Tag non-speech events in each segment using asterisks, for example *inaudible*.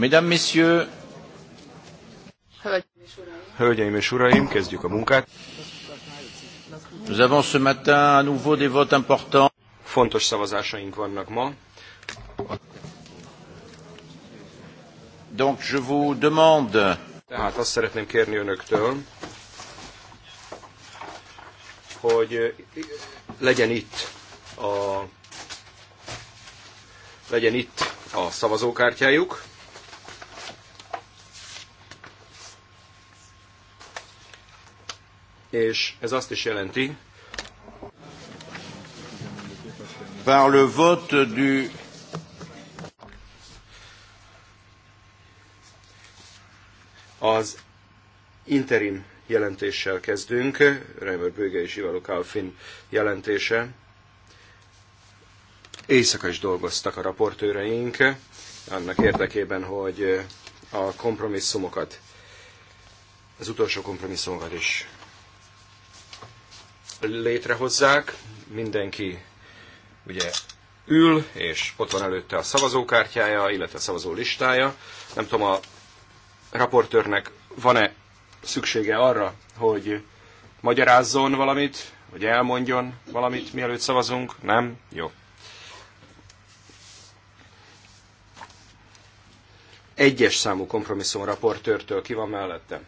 Mesdames, Messieurs, Hölgyeim és Uraim, kezdjük a munkát. Nous avons ce matin à nouveau des votes importants. Fontos szavazásaink vannak ma. Donc je vous demande. Tehát azt szeretném kérni önöktől, hogy legyen itt a legyen itt a szavazókártyájuk. és ez azt is jelenti, par le vote du az interim jelentéssel kezdünk, Reimer Böge és Ivaluk Alfin jelentése. Éjszaka is dolgoztak a raportőreink, annak érdekében, hogy a kompromisszumokat, az utolsó kompromisszumokat is létrehozzák, mindenki ugye ül, és ott van előtte a szavazókártyája, illetve a szavazó listája. Nem tudom, a raportőrnek van-e szüksége arra, hogy magyarázzon valamit, hogy elmondjon valamit, mielőtt szavazunk? Nem? Jó. Egyes számú kompromisszum raportőrtől ki van mellette?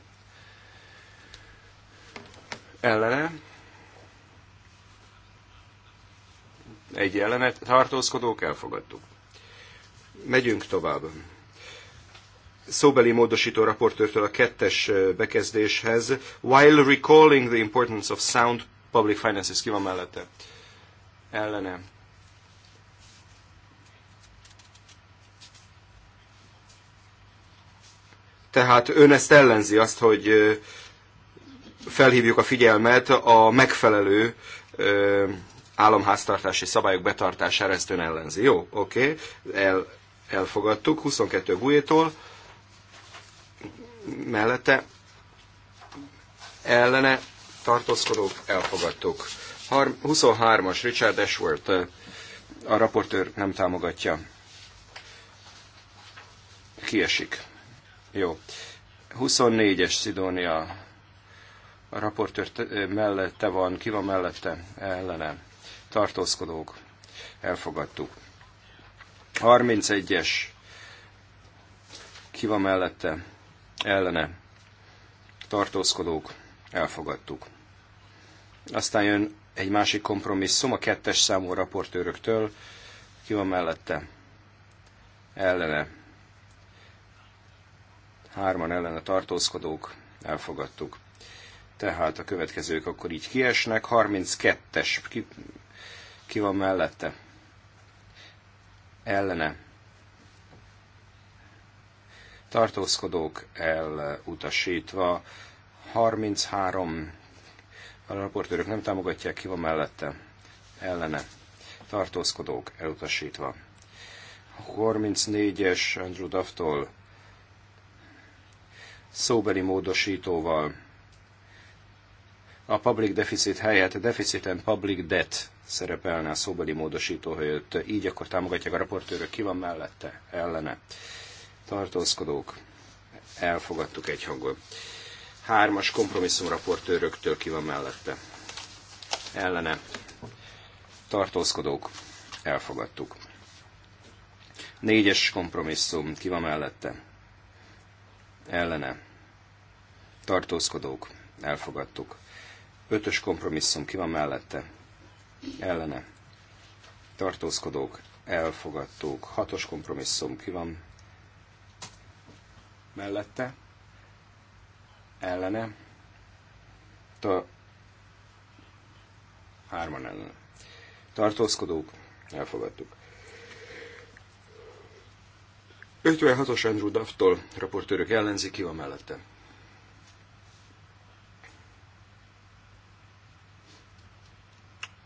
Ellene? egy ellenet tartózkodók, elfogadtuk. Megyünk tovább. Szóbeli módosító raportőrtől a kettes bekezdéshez. While recalling the importance of sound public finances, ki van mellette? Ellene. Tehát ön ezt ellenzi, azt, hogy felhívjuk a figyelmet a megfelelő államháztartási szabályok betartására ezt ön ellenzi. Jó, oké, okay. El, elfogadtuk, 22 bújétól mellette ellene tartózkodók elfogadtuk. 23-as Richard Ashworth a raportőr nem támogatja. Kiesik. Jó. 24-es Sidonia. a raportőr mellette van, ki van mellette, Ellenem tartózkodók, elfogadtuk. 31-es, ki van mellette, ellene, tartózkodók, elfogadtuk. Aztán jön egy másik kompromisszum a kettes számú raportőröktől, ki van mellette, ellene, hárman ellene tartózkodók, elfogadtuk. Tehát a következők akkor így kiesnek. 32-es ki van mellette? Ellene. Tartózkodók elutasítva. 33. A raportőrök nem támogatják, ki van mellette? Ellene. Tartózkodók elutasítva. 34-es Andrew duff szóbeli módosítóval a public deficit helyett deficit and public debt szerepelne a szóbeli módosító helyett. Így akkor támogatják a raportőrök, ki van mellette, ellene. Tartózkodók, elfogadtuk egy hangon. Hármas kompromisszum raportőröktől ki van mellette. Ellene. Tartózkodók, elfogadtuk. Négyes kompromisszum, ki van mellette? Ellene. Tartózkodók, elfogadtuk. Ötös kompromisszum ki van mellette? Ellene. Tartózkodók, elfogadtók. Hatos kompromisszum ki van mellette? Ellene. Ta... Hárman ellene. Tartózkodók, elfogadtuk. 56-os Andrew Dufftól raportőrök ellenzi, ki van mellette?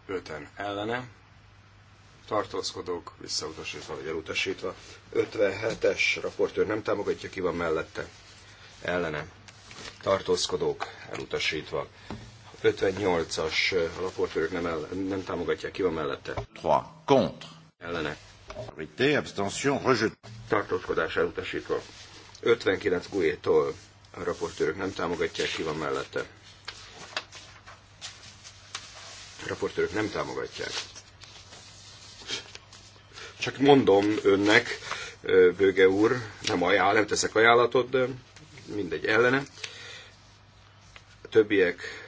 öten ellene, tartózkodók visszautasítva vagy elutasítva. 57-es raportőr nem támogatja, ki van mellette, ellene, tartózkodók elutasítva. 58-as raportőrök nem, el, nem támogatják, ki van mellette. 3. Contre. Ellene. Rité, abstention, rejet. Tartózkodás elutasítva. 59 Gujétól a raportőrök nem támogatják, ki van mellette raportőrök nem támogatják. Csak mondom önnek, Bőge úr, nem, ajánl, nem teszek ajánlatot, de mindegy ellene. A többiek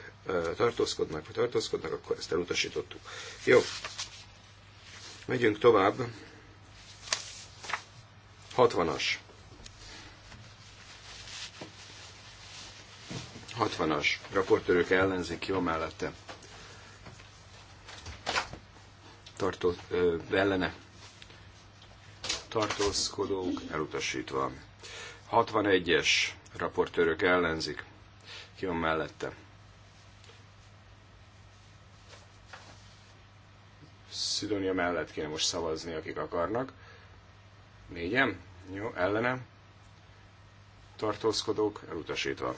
tartózkodnak, vagy tartózkodnak, akkor ezt elutasítottuk. Jó, megyünk tovább. 60-as. 60-as. Raportőrök ellenzik, jó mellette? tartott ö, ellene tartózkodók elutasítva. 61-es raportőrök ellenzik. Ki van mellette? Szidonia mellett kéne most szavazni, akik akarnak. Négyem. Jó, ellenem. Tartózkodók elutasítva.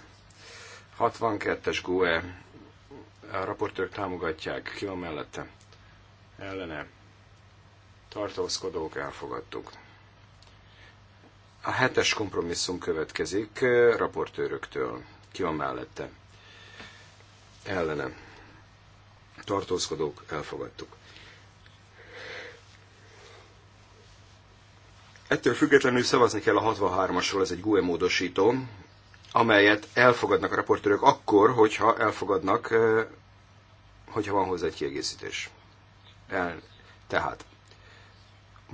62-es GUE a raportőrök támogatják. Ki van mellette? ellene tartózkodók elfogadtuk. A hetes kompromisszum következik raportőröktől. Ki van mellette? Ellene. Tartózkodók elfogadtuk. Ettől függetlenül szavazni kell a 63-asról, ez egy GUE módosító, amelyet elfogadnak a raportőrök akkor, hogyha elfogadnak, hogyha van hozzá egy kiegészítés el. Tehát,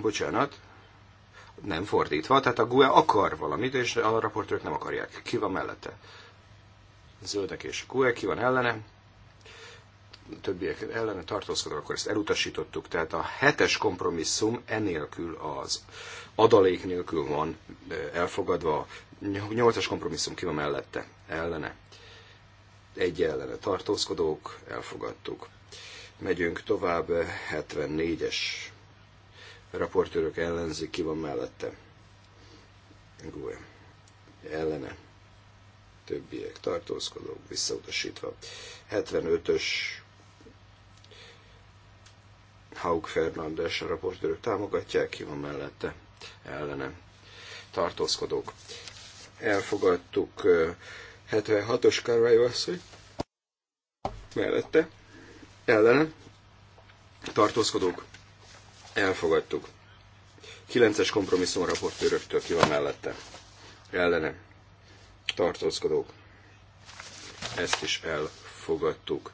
bocsánat, nem fordítva, tehát a GUE akar valamit, és a raportőrök nem akarják. Ki van mellette? Zöldek és GUE, ki van ellene? többiek ellene tartózkodnak, akkor ezt elutasítottuk. Tehát a hetes kompromisszum enélkül az adalék nélkül van elfogadva, a nyolcas kompromisszum ki van mellette, ellene. Egy ellene tartózkodók, elfogadtuk. Megyünk tovább, 74-es raportőrök ellenzik, ki van mellette. Gúj. Ellene. Többiek tartózkodók, visszautasítva. 75-ös Haug Fernandes a raportőrök támogatják, ki van mellette. Ellene. Tartózkodók. Elfogadtuk 76-os Karvajó asszony mellette ellen tartózkodók elfogadtuk. 9-es kompromisszum raportőröktől ki van mellette. Ellene tartózkodók. Ezt is elfogadtuk.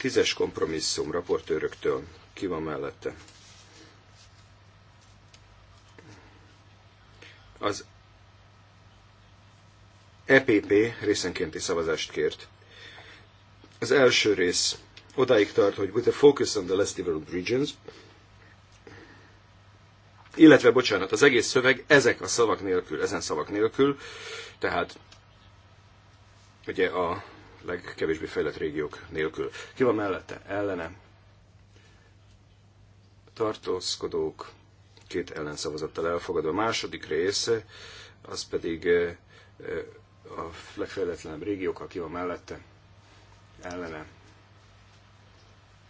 10-es kompromisszum raportőröktől ki van mellette. Az EPP részenkénti szavazást kért. Az első rész odáig tart, hogy with a focus on the less developed regions, illetve, bocsánat, az egész szöveg ezek a szavak nélkül, ezen szavak nélkül, tehát ugye a legkevésbé fejlett régiók nélkül. Ki van mellette? Ellene. Tartózkodók két ellenszavazattal elfogadva. A második rész, az pedig eh, eh, a legfejletlenebb régiók, aki van mellette, ellene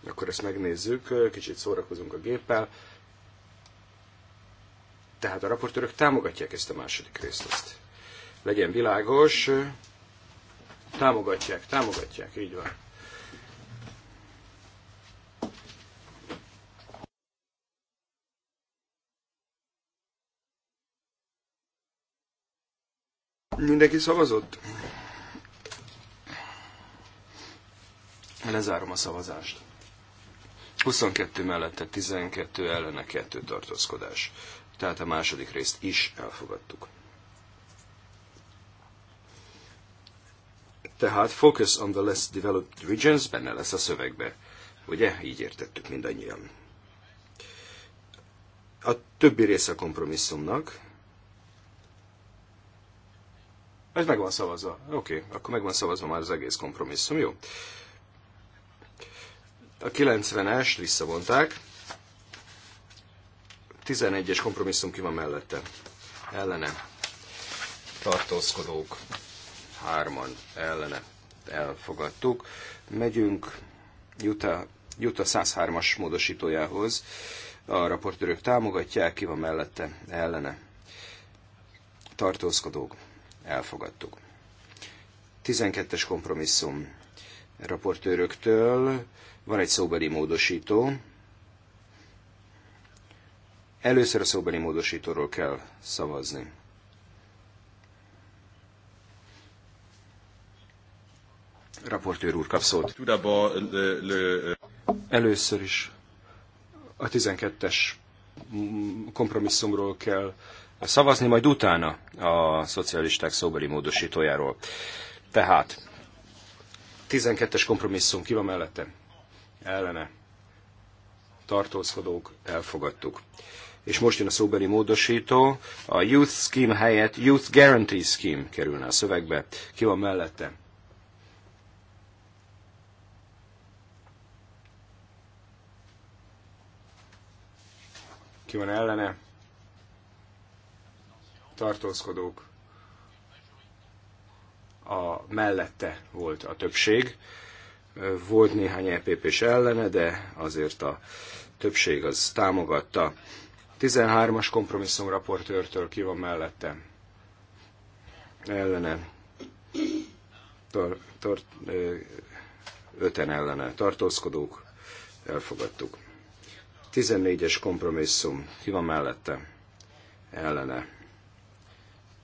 akkor ezt megnézzük, kicsit szórakozunk a géppel. Tehát a raportőrök támogatják ezt a második részt. Ezt. Legyen világos, támogatják, támogatják, így van. Mindenki szavazott? Lezárom a szavazást. 22 mellette 12 ellene 2 tartózkodás. Tehát a második részt is elfogadtuk. Tehát focus on the less developed regions benne lesz a szövegbe. Ugye? Így értettük mindannyian. A többi része a kompromisszumnak. Ez meg van szavazva. Oké, okay, akkor meg van szavazva már az egész kompromisszum, jó? A 90-est visszavonták. 11-es kompromisszum ki van mellette. Ellene. Tartózkodók. Hárman ellene. Elfogadtuk. Megyünk Juta, Juta 103-as módosítójához. A raportőrök támogatják, ki van mellette, ellene. Tartózkodók. Elfogadtuk. 12-es kompromisszum raportőröktől. Van egy szóbeli módosító. Először a szóbeli módosítóról kell szavazni. Raportőr úr kap szót. Először is a 12-es kompromisszumról kell szavazni, majd utána a szocialisták szóbeli módosítójáról. Tehát 12-es kompromisszum ki van mellette? Ellene. Tartózkodók, elfogadtuk. És most jön a szóbeli módosító. A Youth Scheme helyett Youth Guarantee Scheme kerülne a szövegbe. Ki van mellette? Ki van ellene? Tartózkodók, a mellette volt a többség. Volt néhány EPP-s ellene, de azért a többség az támogatta. 13-as kompromisszum raportőrtől ki van mellette? Ellene. Tor, tor, öten ellene. Tartózkodók. Elfogadtuk. 14-es kompromisszum. Ki van mellette? Ellene.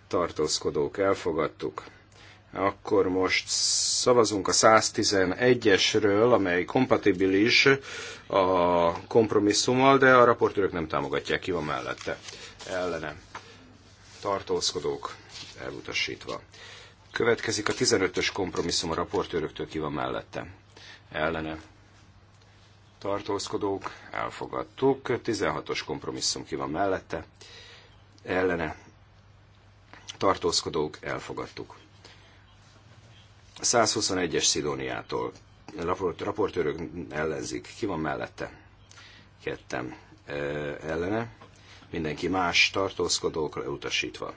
Tartózkodók. Elfogadtuk. Akkor most szavazunk a 111-esről, amely kompatibilis a kompromisszummal, de a raportőrök nem támogatják, ki van mellette. Ellene. Tartózkodók elutasítva. Következik a 15-ös kompromisszum a raportőröktől, ki van mellette. Ellene tartózkodók, elfogadtuk. 16-os kompromisszum ki van mellette, ellene tartózkodók, elfogadtuk. 121-es Szidóniától. Raport, raportőrök ellenzik. Ki van mellette? Kettem e, ellene. Mindenki más tartózkodók utasítva.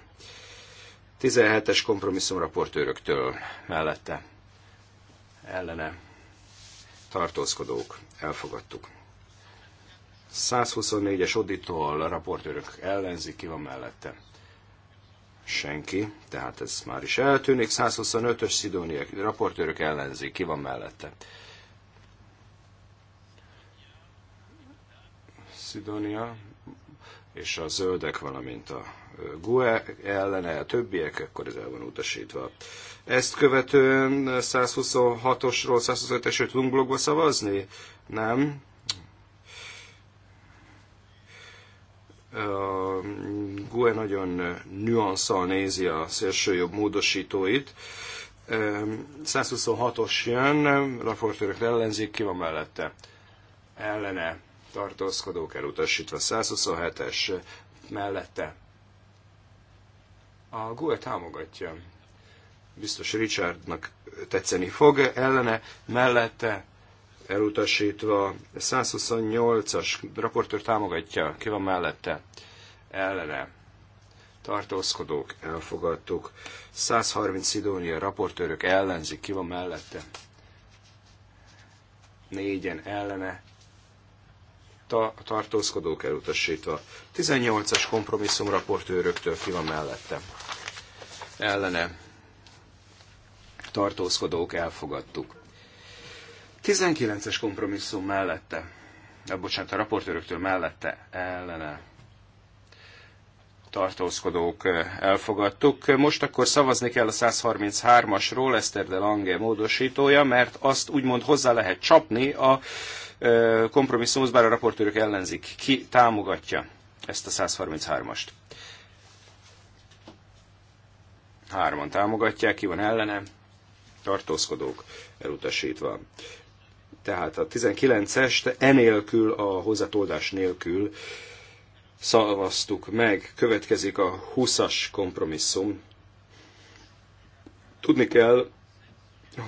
17-es kompromisszum raportőröktől mellette ellene tartózkodók elfogadtuk. 124-es a raportőrök ellenzik, ki van mellette senki, tehát ez már is eltűnik. 125-ös szidóniak, raportőrök ellenzik, ki van mellette? Szidónia és a zöldek, valamint a GUE ellene, a többiek, akkor ez el van utasítva. Ezt követően 126-osról 125-esről tudunk blogba szavazni? Nem. A GUE nagyon nüanszal nézi a szélsőjobb módosítóit. 126-os jön, raportőrök ellenzik, ki van mellette? Ellene tartózkodók elutasítva. 127-es mellette. A GUE támogatja. Biztos Richardnak tetszeni fog, ellene, mellette elutasítva. 128-as raportőr támogatja, ki van mellette? Ellene. Tartózkodók, elfogadtuk. 130 Szidónia, raportőrök ellenzik, ki van mellette? Négyen ellene. Ta- tartózkodók elutasítva. 18-as kompromisszum raportőröktől ki van mellette? Ellene. Tartózkodók, elfogadtuk. 19-es kompromisszum mellette, de eh, bocsánat, a raportőröktől mellette ellene tartózkodók eh, elfogadtuk. Most akkor szavazni kell a 133-asról, Eszter de Lange módosítója, mert azt úgymond hozzá lehet csapni a eh, kompromisszumhoz, bár a raportőrök ellenzik. Ki támogatja ezt a 133-ast? Hárman támogatják, ki van ellene? Tartózkodók elutasítva. Tehát a 19-est enélkül, a hozzátoldás nélkül szavaztuk meg. Következik a 20-as kompromisszum. Tudni kell,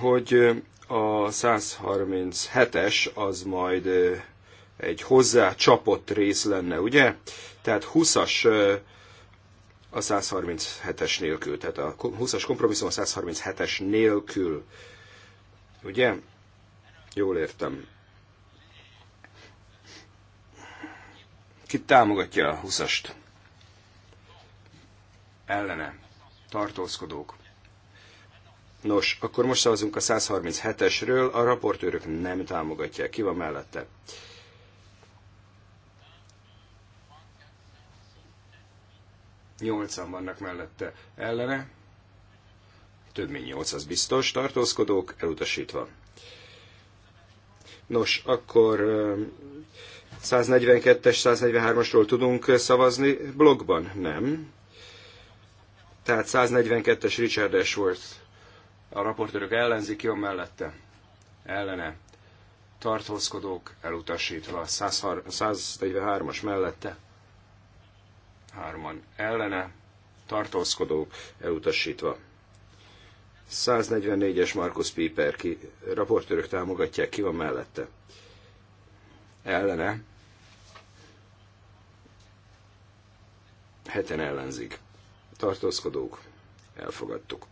hogy a 137-es az majd egy hozzá csapott rész lenne, ugye? Tehát 20-as a 137-es nélkül, tehát a 20-as kompromisszum a 137-es nélkül, ugye? Jól értem. Ki támogatja a huszast? Ellene. Tartózkodók. Nos, akkor most szavazunk a 137-esről, a raportőrök nem támogatják. Ki van mellette? Nyolcan vannak mellette ellene, több mint nyolc az biztos, tartózkodók elutasítva. Nos, akkor 142-es, 143-asról tudunk szavazni blogban? Nem. Tehát 142-es Richard volt A raportőrök ellenzik, jön mellette? Ellene. Tartózkodók elutasítva. 143-as mellette. Hárman ellene. Tartózkodók elutasítva. 144-es Markus Piper ki, raportőrök támogatják, ki van mellette? Ellene. Heten ellenzik. Tartózkodók. Elfogadtuk.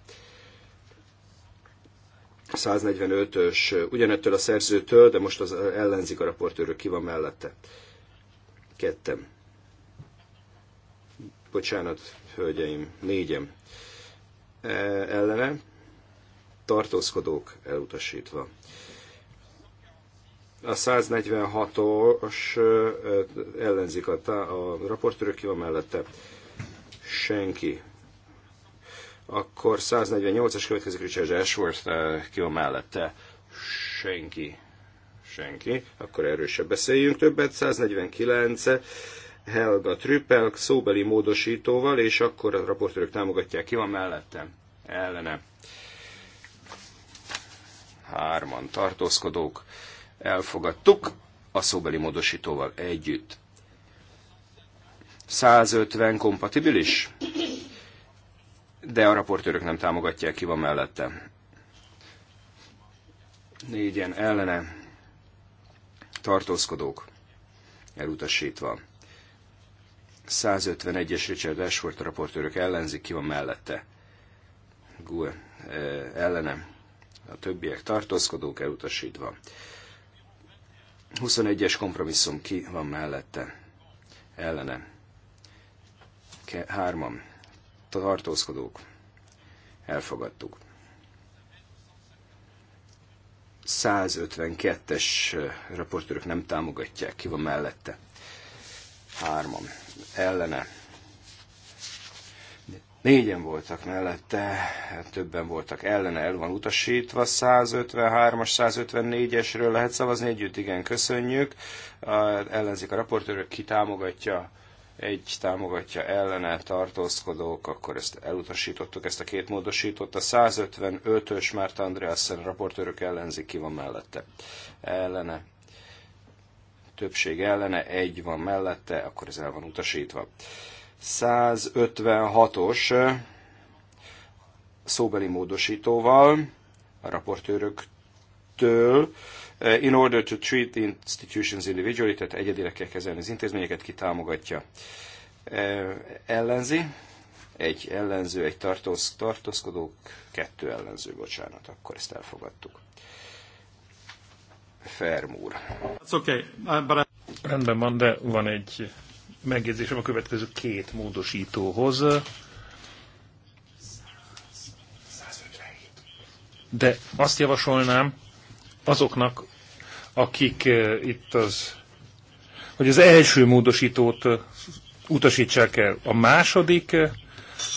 145-ös ugyanettől a szerzőtől, de most az ellenzik a raportőrök, ki van mellette? Kettem. Bocsánat, hölgyeim, négyem. E, ellene tartózkodók elutasítva. A 146-os ellenzik a, tá- a raportőrök, ki van mellette? Senki. Akkor 148-as következik Richard Ashworth, ki van mellette? Senki. Senki. Akkor erősebb beszéljünk többet. 149 Helga Trüppel szóbeli módosítóval, és akkor a raportőrök támogatják. Ki van mellette? Ellene hárman tartózkodók, elfogadtuk a szóbeli módosítóval együtt. 150 kompatibilis, de a raportőrök nem támogatják, ki van mellette. Négyen ellene tartózkodók elutasítva. 151-es Richard Ashford raportőrök ellenzik, ki van mellette. Gue, eh, ellenem a többiek tartózkodók elutasítva. 21-es kompromisszum ki van mellette, ellene. Ke- hárman tartózkodók elfogadtuk. 152-es raportőrök nem támogatják, ki van mellette. Hárman ellene Négyen voltak mellette, többen voltak ellene, el van utasítva. 153-as, 154-esről lehet szavazni együtt, igen, köszönjük. Ellenzik a raportőrök, ki támogatja egy támogatja ellene tartózkodók, akkor ezt elutasítottuk, ezt a két módosított. A 155-ös Márta Andreasen raportőrök ellenzik, ki van mellette. Ellene. Többség ellene, egy van mellette, akkor ez el van utasítva. 156-os szóbeli módosítóval a raportőröktől eh, in order to treat the institutions individually, tehát egyedileg kell kezelni az intézményeket, ki támogatja. Eh, ellenzi, egy ellenző, egy tartóz, tartózkodó, kettő ellenző, bocsánat, akkor ezt elfogadtuk. Fermúr. Okay, uh, I... Rendben van, de van egy megjegyzésem a következő két módosítóhoz. De azt javasolnám azoknak, akik eh, itt az, hogy az első módosítót eh, utasítsák el. A második eh,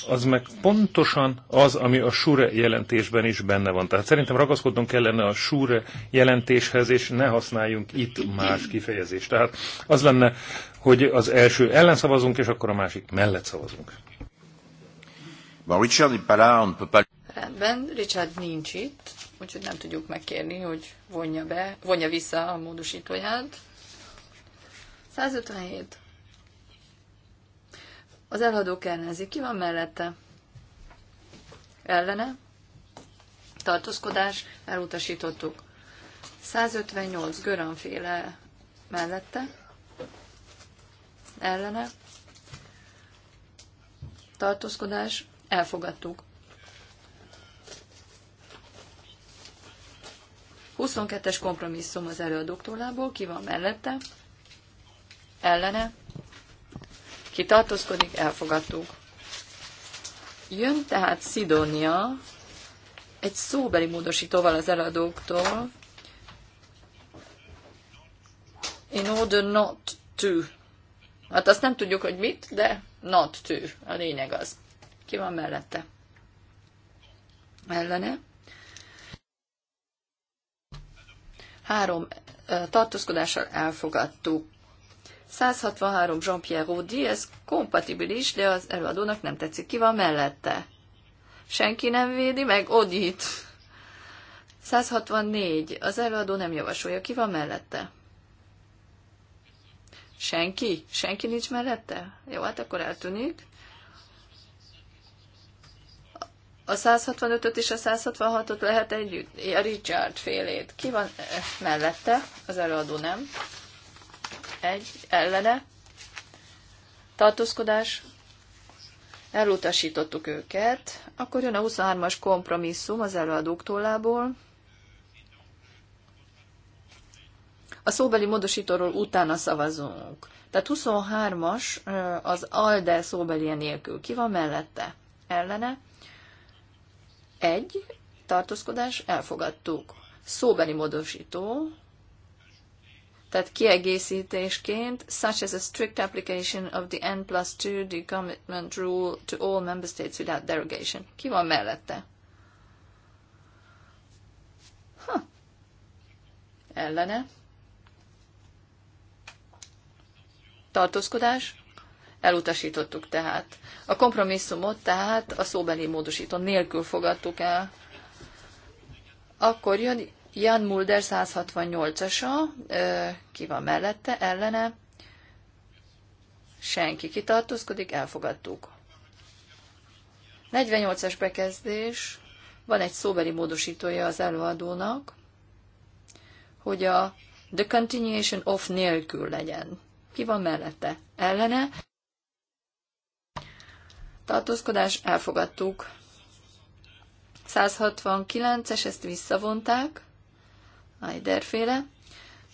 az meg pontosan az, ami a SURE jelentésben is benne van. Tehát szerintem ragaszkodnunk kellene a SURE jelentéshez, és ne használjunk itt más kifejezést. Tehát az lenne, hogy az első ellen szavazunk, és akkor a másik mellett szavazunk. Bon, Richard n'est pas... Rendben, Richard nincs itt, úgyhogy nem tudjuk megkérni, hogy vonja be, vonja vissza a módosítóját. 157. Az eladó ellenzi. Ki van mellette? Ellene? Tartózkodás? Elutasítottuk. 158 göranféle mellette? Ellene? Tartózkodás? Elfogadtuk. 22-es kompromisszum az előadók tollából, ki van mellette, ellene, ki tartózkodik, elfogadtuk. Jön tehát Szidónia egy szóbeli módosítóval az eladóktól. In order not to. Hát azt nem tudjuk, hogy mit, de not to. A lényeg az. Ki van mellette? Ellene. Három tartózkodással elfogadtuk. 163 Jean-Pierre Audi, ez kompatibilis, de az előadónak nem tetszik, ki van mellette. Senki nem védi meg Odit. 164. Az előadó nem javasolja, ki van mellette. Senki? Senki nincs mellette? Jó, hát akkor eltűnik. A 165-öt és a 166-ot lehet együtt? A Richard félét. Ki van eh, mellette? Az előadó nem egy ellene tartózkodás, elutasítottuk őket, akkor jön a 23-as kompromisszum az előadók tollából. A szóbeli módosítóról utána szavazunk. Tehát 23-as az ALDE szóbelie nélkül. Ki van mellette? Ellene. Egy, tartózkodás, elfogadtuk. Szóbeli módosító, tehát kiegészítésként, such as a strict application of the N plus 2 decommitment rule to all member states without derogation. Ki van mellette? Ha. Ellene. Tartózkodás. Elutasítottuk tehát. A kompromisszumot tehát a szóbeli módosító nélkül fogadtuk el. Akkor jön Jan Mulder 168-asa, ki van mellette, ellene, senki kitartózkodik, elfogadtuk. 48-as bekezdés, van egy szóbeli módosítója az előadónak, hogy a the continuation of nélkül legyen. Ki van mellette? Ellene? Tartózkodás, elfogadtuk. 169-es, ezt visszavonták féle,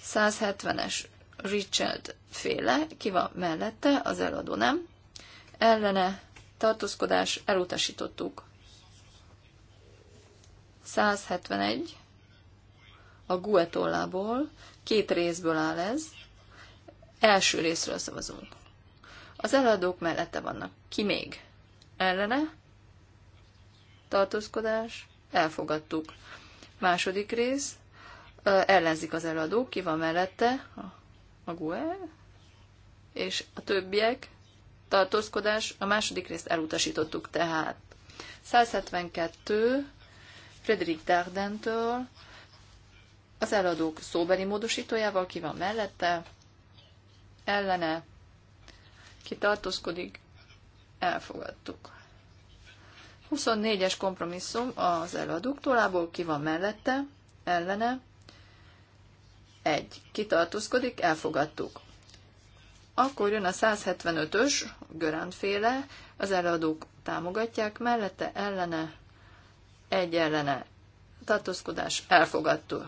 170-es Richard féle, ki van mellette, az eladó nem, ellene tartózkodás elutasítottuk. 171 a Guetollából, két részből áll ez, első részről szavazunk. Az eladók mellette vannak. Ki még? Ellene? Tartózkodás? Elfogadtuk. Második rész, ellenzik az eladók, ki van mellette, a, a GUE, és a többiek, tartózkodás, a második részt elutasítottuk tehát. 172, Frederik Dardentől, az eladók szóbeli módosítójával ki van mellette, ellene, ki tartózkodik, elfogadtuk. 24-es kompromisszum az eladók tolából, ki van mellette, ellene, egy. Kitartózkodik, elfogadtuk. Akkor jön a 175-ös, Görandféle, az eladók támogatják, mellette ellene, egy ellene tartózkodás, elfogadtó.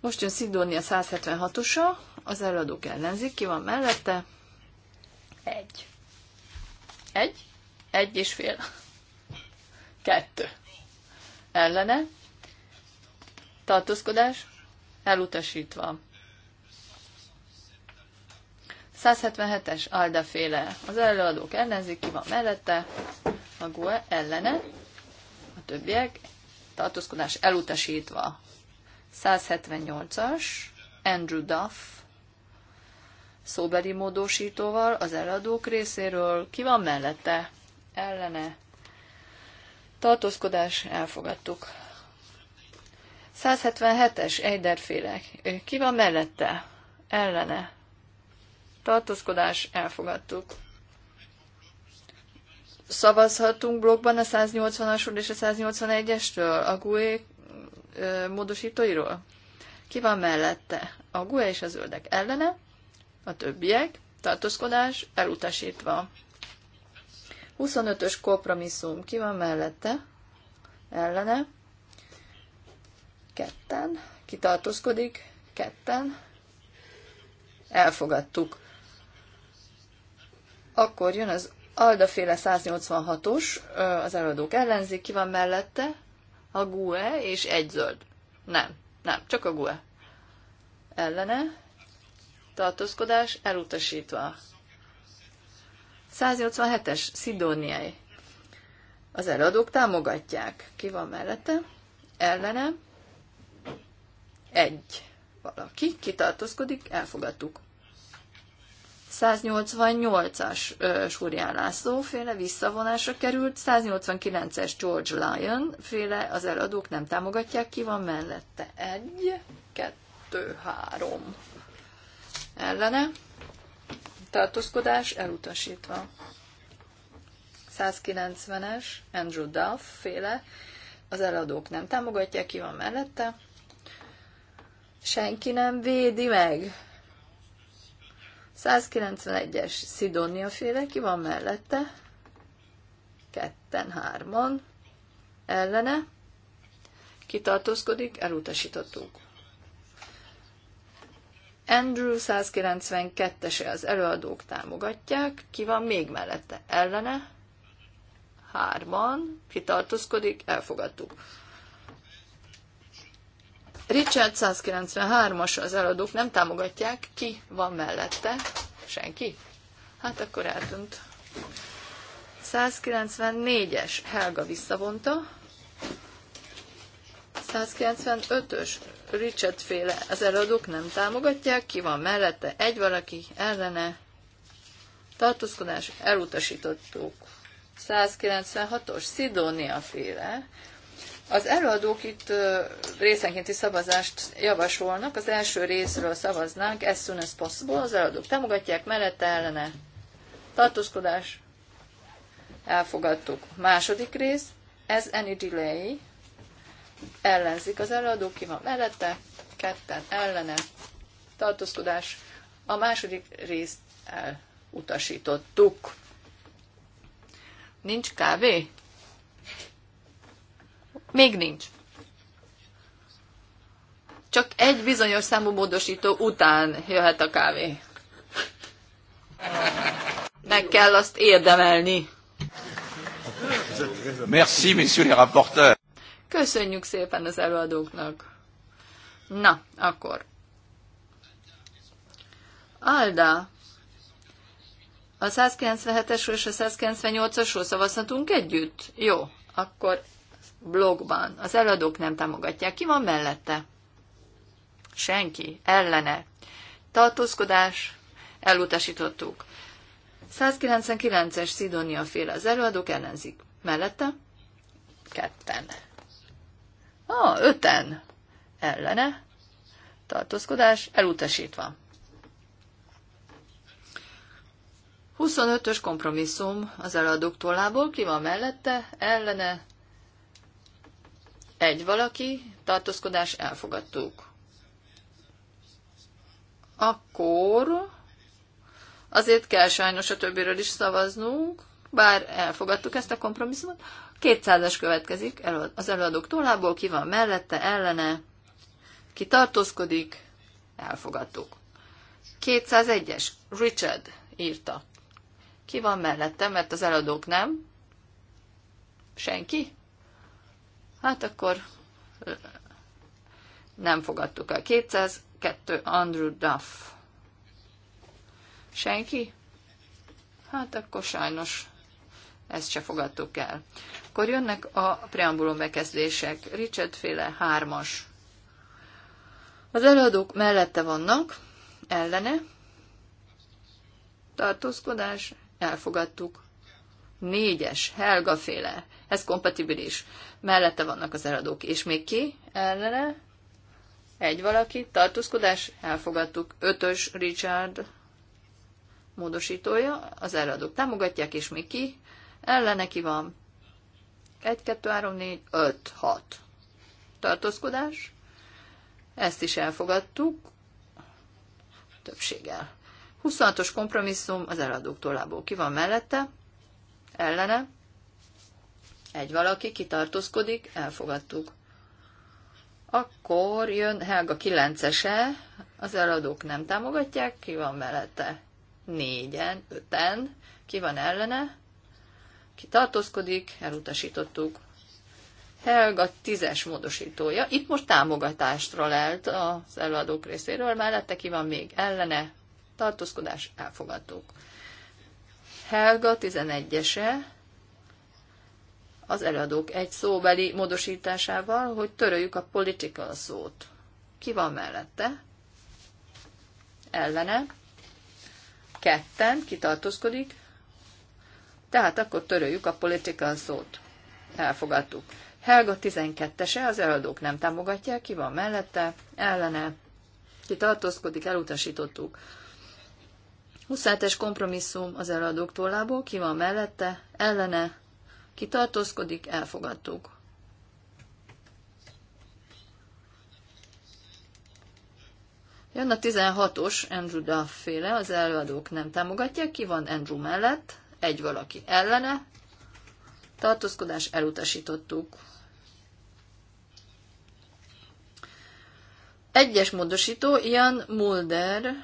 Most jön Szidónia 176-osa, az eladók ellenzik, ki van mellette? Egy. Egy, egy és fél, kettő. Ellene, tartózkodás elutasítva. 177-es féle Az előadók ellenzik, ki van mellette, a Goe ellene, a többiek tartózkodás elutasítva. 178-as Andrew Duff szóbeli módosítóval az eladók részéről ki van mellette, ellene. Tartózkodás elfogadtuk. 177-es Eiderféle. Ki van mellette? Ellene. Tartózkodás elfogadtuk. Szavazhatunk blogban a 180-asról és a 181 estől a GUE módosítóiról? Ki van mellette? A GUE és a zöldek ellene, a többiek, tartózkodás elutasítva. 25-ös kompromisszum ki van mellette? Ellene, ketten, kitartózkodik, ketten, elfogadtuk. Akkor jön az Aldaféle 186-os, az előadók ellenzik, ki van mellette? A GUE és egy zöld. Nem, nem, csak a GUE. Ellene, tartózkodás elutasítva. 187-es, Szidóniai. Az előadók támogatják. Ki van mellette? Ellenem. Egy valaki kitartózkodik, elfogadtuk. 188-as Súrián László féle visszavonásra került, 189-es George Lyon féle az eladók nem támogatják, ki van mellette? Egy, kettő, három. Ellene. Tartózkodás elutasítva. 190-es Andrew Duff féle az eladók nem támogatják, ki van mellette? senki nem védi meg. 191-es Szidónia féle, ki van mellette? Ketten, hárman. Ellene? Kitartózkodik, elutasítottuk. Andrew 192-ese az előadók támogatják. Ki van még mellette? Ellene? Hárman. Kitartózkodik, elfogadtuk. Richard 193-as az eladók nem támogatják. Ki van mellette? Senki? Hát akkor eltűnt. 194-es Helga visszavonta. 195-ös Richard féle az eladók nem támogatják. Ki van mellette? Egy valaki ellene. Tartózkodás elutasítottuk. 196-os Sidonia féle az előadók itt részenkénti szavazást javasolnak. Az első részről szavaznánk, as soon as possible. Az előadók támogatják, mellette ellene tartózkodás. Elfogadtuk. Második rész, as any delay. Ellenzik az előadók, ki van mellette, ketten ellene tartózkodás. A második részt elutasítottuk. Nincs kávé? Még nincs. Csak egy bizonyos számú módosító után jöhet a kávé. Meg kell azt érdemelni. Merci, messieurs les rapporteurs. Köszönjük szépen az előadóknak. Na, akkor. Alda, a 197-esről és a 198-asról szavazhatunk együtt? Jó, akkor blogban. Az eladók nem támogatják. Ki van mellette? Senki. Ellene. Tartózkodás. Elutasítottuk. 199-es Szidónia fél az előadók ellenzik. Mellette? Ketten. Ah, öten. Ellene. Tartózkodás elutasítva. 25-ös kompromisszum az eladók tollából. Ki van mellette? Ellene. Egy valaki, tartózkodás, elfogadtuk. Akkor azért kell sajnos a többiről is szavaznunk, bár elfogadtuk ezt a kompromisszumot. 200-as következik az előadók tollából, ki van mellette, ellene, ki tartózkodik, elfogadtuk. 201-es, Richard írta. Ki van mellette, mert az eladók nem? Senki? Hát akkor nem fogadtuk el. 202 Andrew Duff. Senki? Hát akkor sajnos ezt se fogadtuk el. Akkor jönnek a preambulum bekezdések. Richard féle hármas. Az előadók mellette vannak, ellene, tartózkodás, elfogadtuk négyes, Helga féle, ez kompatibilis. Mellette vannak az eladók. És még ki? Ellene? Egy valaki, tartózkodás, elfogadtuk. Ötös Richard módosítója, az eladók támogatják, és még ki? Ellene ki van? egy kettő három, négy öt hat Tartózkodás. Ezt is elfogadtuk. Többséggel. 26-os kompromisszum az eladók tollából. Ki van mellette? ellene, egy valaki kitartózkodik, elfogadtuk. Akkor jön Helga 9-ese, az eladók nem támogatják, ki van mellette? Négyen, öten, ki van ellene? Ki tartózkodik, elutasítottuk. Helga 10-es módosítója, itt most támogatást lelt az eladók részéről, mellette ki van még ellene, tartózkodás, elfogadtuk. Helga 11-ese az előadók egy szóbeli módosításával, hogy töröljük a political szót. Ki van mellette? Ellene. Ketten, kitartózkodik. Tehát akkor töröljük a political szót. Elfogadtuk. Helga 12-ese, az eladók nem támogatják, ki van mellette, ellene, ki tartózkodik, elutasítottuk. 27-es kompromisszum az eladók tollából, ki van mellette, ellene, ki tartózkodik, elfogadtuk. Jön a 16-os Andrew Duff féle, az előadók nem támogatják, ki van Andrew mellett, egy valaki ellene, tartózkodás elutasítottuk. Egyes módosító, Ian Mulder,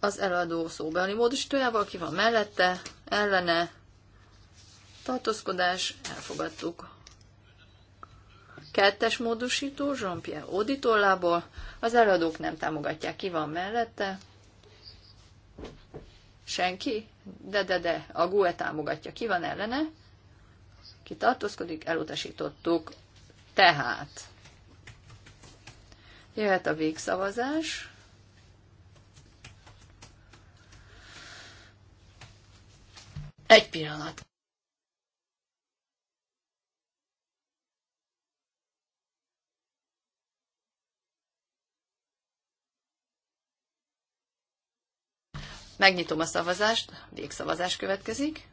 az eladó szóbeli módosítójával, ki van mellette, ellene, tartózkodás, elfogadtuk. Kettes módosító, Jean-Pierre Auditollából, az eladók nem támogatják, ki van mellette, senki, de de de, a GUE támogatja, ki van ellene, ki tartózkodik, elutasítottuk. Tehát, jöhet a végszavazás. Egy pillanat. Megnyitom a szavazást, végszavazás következik.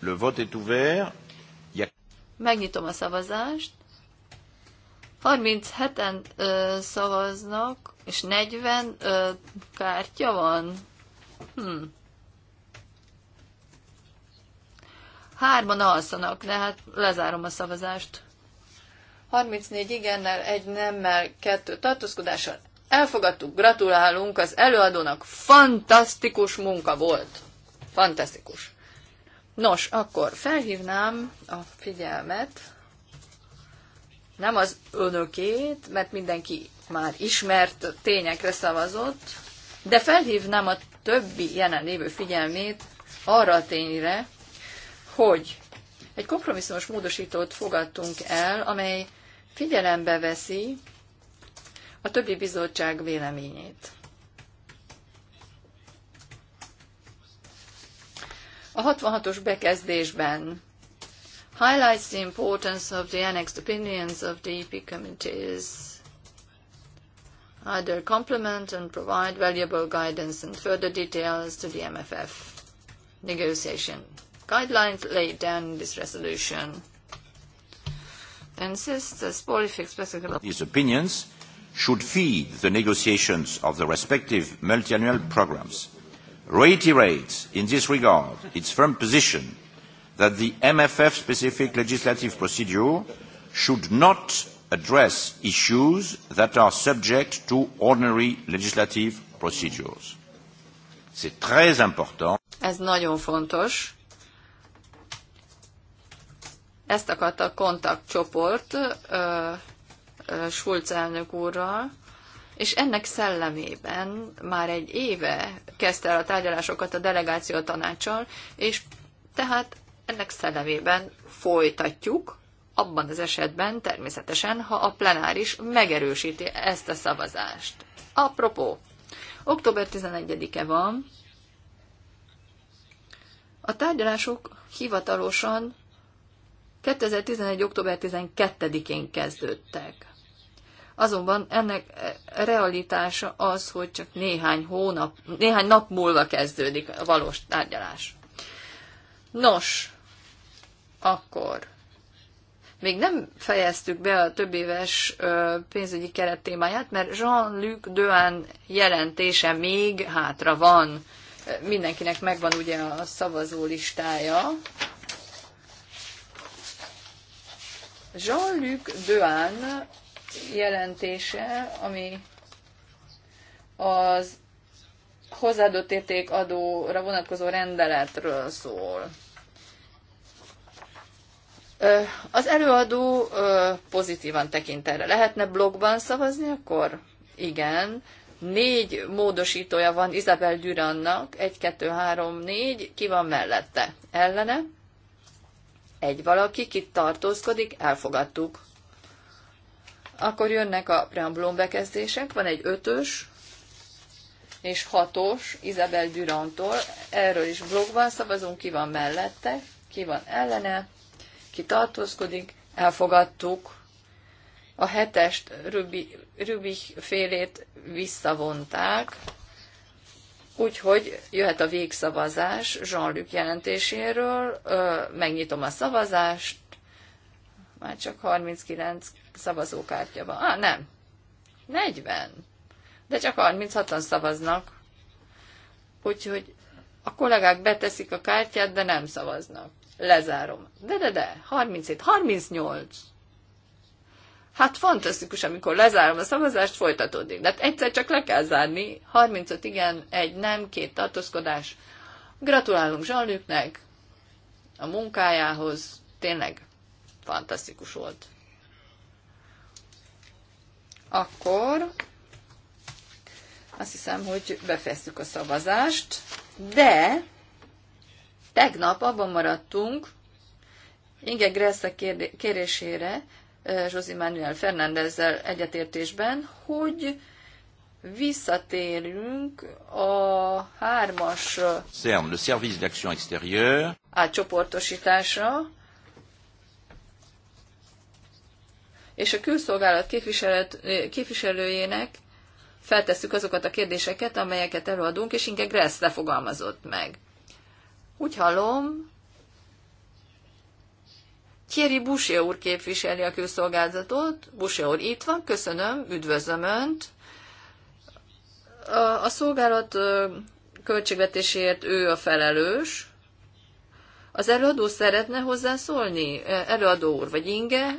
Le vote est ouvert. Megnyitom a szavazást. 37-en ö, szavaznak, és 40 ö, kártya van. Hmm. Hárman alszanak, de hát lezárom a szavazást. 34 igennel, egy nemmel, kettő tartózkodással. Elfogadtuk, gratulálunk az előadónak. Fantasztikus munka volt. Fantasztikus. Nos, akkor felhívnám a figyelmet, nem az önökét, mert mindenki már ismert tényekre szavazott, de felhívnám a többi jelenlévő figyelmét arra a tényre, hogy egy kompromisszumos módosítót fogadtunk el, amely figyelembe veszi a többi bizottság véleményét. A 66-os bekezdésben highlights the importance of the annexed opinions of the EP committees either complement and provide valuable guidance and further details to the MFF negotiation guidelines laid down in this resolution and since the politics basically... These opinions should feed the negotiations of the respective multiannual programs. Reiterates in this regard its firm position that the MFF-specific legislative procedure should not address issues that are subject to ordinary legislative procedures. C'est très important. Ez nagyon fontos ezt akarta a kontaktcsoport Schulz elnök úrral, és ennek szellemében már egy éve kezdte el a tárgyalásokat a delegáció tanácsal, és tehát ennek szellemében folytatjuk, abban az esetben természetesen, ha a plenáris megerősíti ezt a szavazást. Apropó, október 11-e van, a tárgyalások hivatalosan 2011. október 12-én kezdődtek. Azonban ennek realitása az, hogy csak néhány hónap, néhány nap múlva kezdődik a valós tárgyalás. Nos, akkor még nem fejeztük be a több éves pénzügyi keret témáját, mert Jean-Luc Dehan jelentése még hátra van. Mindenkinek megvan ugye a szavazó listája, Jean-Luc Dehan jelentése, ami az hozzáadott érték adóra vonatkozó rendeletről szól. Az előadó pozitívan tekint erre. Lehetne blogban szavazni akkor? Igen. Négy módosítója van Isabel Dürannak. egy, kettő, három, négy. Ki van mellette? Ellene? egy valaki, kit tartózkodik, elfogadtuk. Akkor jönnek a preambulum bekezdések, van egy ötös és hatos Isabel Durantól. erről is blogban szavazunk, ki van mellette, ki van ellene, ki tartózkodik, elfogadtuk. A hetest Rübi, Rübi félét visszavonták, Úgyhogy jöhet a végszavazás Jean-Luc jelentéséről, megnyitom a szavazást, már csak 39 szavazókártya van. Ah, nem, 40, de csak 36-an szavaznak. Úgyhogy a kollégák beteszik a kártyát, de nem szavaznak. Lezárom. De, de, de, 37, 38. Hát fantasztikus, amikor lezárom a szavazást, folytatódik. De hát egyszer csak le kell zárni. 35 igen, egy nem, két tartózkodás. Gratulálunk Zsalnőknek a munkájához. Tényleg fantasztikus volt. Akkor azt hiszem, hogy befejeztük a szavazást, de tegnap abban maradtunk, Inge Gressa kérésére, José Manuel Fernándezzel egyetértésben, hogy visszatérünk a hármas CERN, le Service d'Action Extérieure átcsoportosításra, és a külszolgálat képviselőjének feltesszük azokat a kérdéseket, amelyeket előadunk, és inkább Gressz lefogalmazott meg. Úgy hallom, Kéri Busé úr képviseli a külszolgálatot. Busé úr itt van, köszönöm, üdvözlöm Önt. A, a szolgálat költségvetéséért ő a felelős. Az előadó szeretne hozzászólni? Előadó úr, vagy Inge?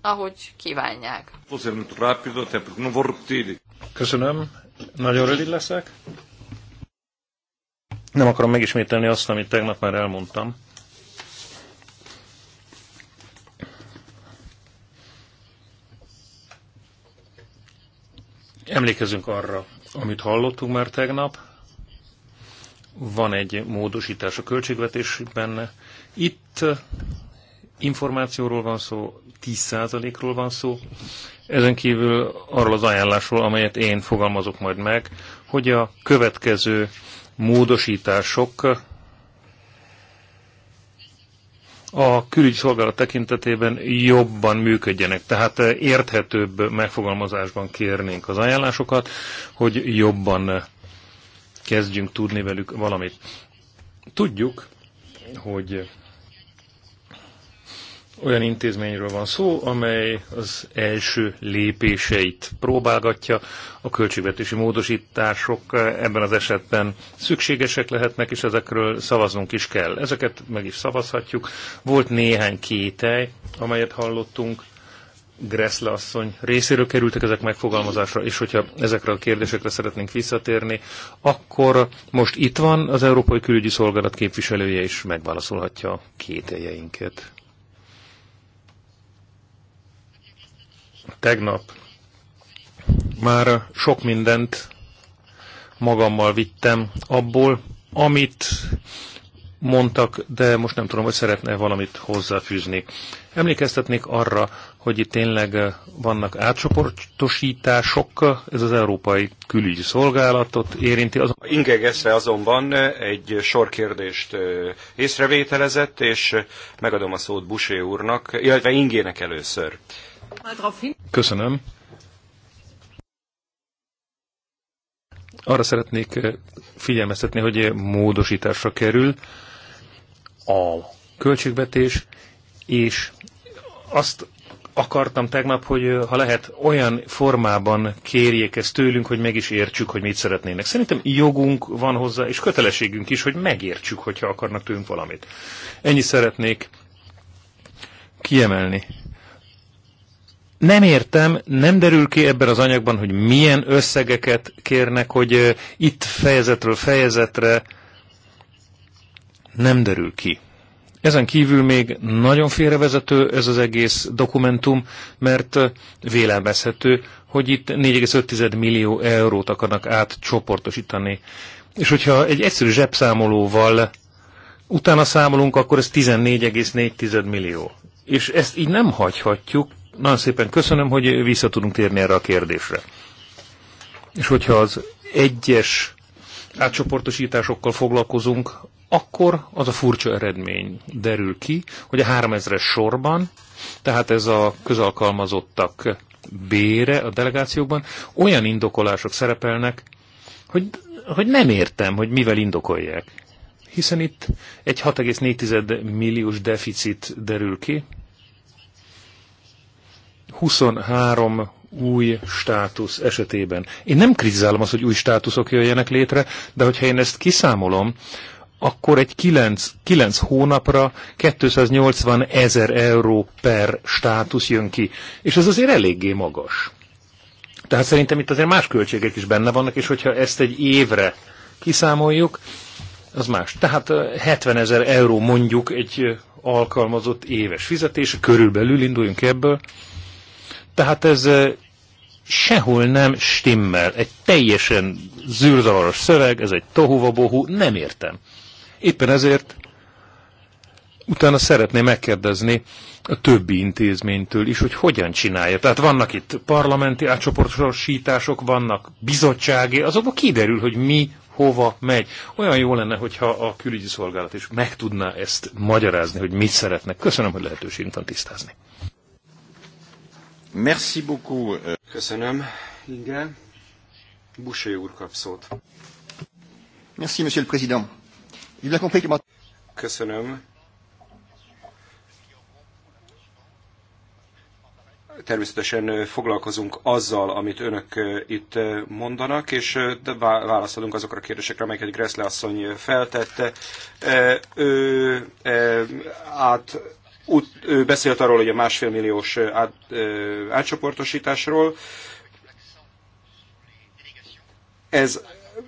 Ahogy kívánják. Köszönöm. Nagyon rövid leszek. Nem akarom megismételni azt, amit tegnap már elmondtam Emlékezünk arra, amit hallottunk már tegnap. Van egy módosítás a költségvetésben. Itt információról van szó, 10%-ról van szó. Ezen kívül arról az ajánlásról, amelyet én fogalmazok majd meg, hogy a következő módosítások a külügyi szolgálat tekintetében jobban működjenek. Tehát eh, érthetőbb megfogalmazásban kérnénk az ajánlásokat, hogy jobban eh, kezdjünk tudni velük valamit. Tudjuk, hogy olyan intézményről van szó, amely az első lépéseit próbálgatja. A költségvetési módosítások ebben az esetben szükségesek lehetnek, és ezekről szavaznunk is kell. Ezeket meg is szavazhatjuk. Volt néhány kételj, amelyet hallottunk. Gressle asszony részéről kerültek ezek megfogalmazásra, és hogyha ezekre a kérdésekre szeretnénk visszatérni, akkor most itt van az Európai Külügyi Szolgálat képviselője és megválaszolhatja kételjeinket. Tegnap már sok mindent magammal vittem abból, amit mondtak, de most nem tudom, hogy szeretne valamit hozzáfűzni. Emlékeztetnék arra, hogy itt tényleg vannak átcsoportosítások, ez az Európai Külügyi Szolgálatot érinti. Az... Ingegeszre azonban egy sor kérdést észrevételezett, és megadom a szót Busé úrnak, illetve Ingének először. Köszönöm. Arra szeretnék eh, figyelmeztetni, hogy módosításra kerül a költségvetés, és azt akartam tegnap, hogy eh, ha lehet, olyan formában kérjék ezt tőlünk, hogy meg is értsük, hogy mit szeretnének. Szerintem jogunk van hozzá, és kötelességünk is, hogy megértsük, hogyha akarnak tőlünk valamit. Ennyi szeretnék kiemelni nem értem, nem derül ki ebben az anyagban, hogy milyen összegeket kérnek, hogy itt fejezetről fejezetre nem derül ki. Ezen kívül még nagyon félrevezető ez az egész dokumentum, mert vélelmezhető, hogy itt 4,5 millió eurót akarnak átcsoportosítani. És hogyha egy egyszerű zsebszámolóval utána számolunk, akkor ez 14,4 millió. És ezt így nem hagyhatjuk nagyon szépen köszönöm, hogy vissza tudunk térni erre a kérdésre. És hogyha az egyes átcsoportosításokkal foglalkozunk, akkor az a furcsa eredmény derül ki, hogy a 3000-es sorban, tehát ez a közalkalmazottak bére a delegációkban, olyan indokolások szerepelnek, hogy, hogy nem értem, hogy mivel indokolják. Hiszen itt egy 6,4 milliós deficit derül ki, 23 új státusz esetében. Én nem kritizálom azt, hogy új státuszok jöjjenek létre, de hogyha én ezt kiszámolom, akkor egy 9, 9 hónapra 280 ezer euró per státusz jön ki. És ez azért eléggé magas. Tehát szerintem itt azért más költségek is benne vannak, és hogyha ezt egy évre kiszámoljuk, az más. Tehát 70 ezer euró mondjuk egy alkalmazott éves fizetése körülbelül induljunk ebből, tehát ez sehol nem stimmel. Egy teljesen zűrzavaros szöveg, ez egy tohuvabohu, nem értem. Éppen ezért utána szeretném megkérdezni a többi intézménytől is, hogy hogyan csinálja. Tehát vannak itt parlamenti átcsoportosítások, vannak bizottsági, azokban kiderül, hogy mi hova megy. Olyan jó lenne, hogyha a külügyi szolgálat is meg tudná ezt magyarázni, hogy mit szeretnek. Köszönöm, hogy lehetőségünk van tisztázni. Merci beaucoup. Euh. Köszönöm, Inge. Boucher, úr kap szót. Merci, monsieur le président. J'ai bien compris que Köszönöm. természetesen foglalkozunk azzal, amit önök itt mondanak, és válaszolunk azokra a kérdésekre, amelyeket Gressle asszony feltette. Ő át Út, ő beszélt arról, hogy a másfél milliós át, átcsoportosításról. Ez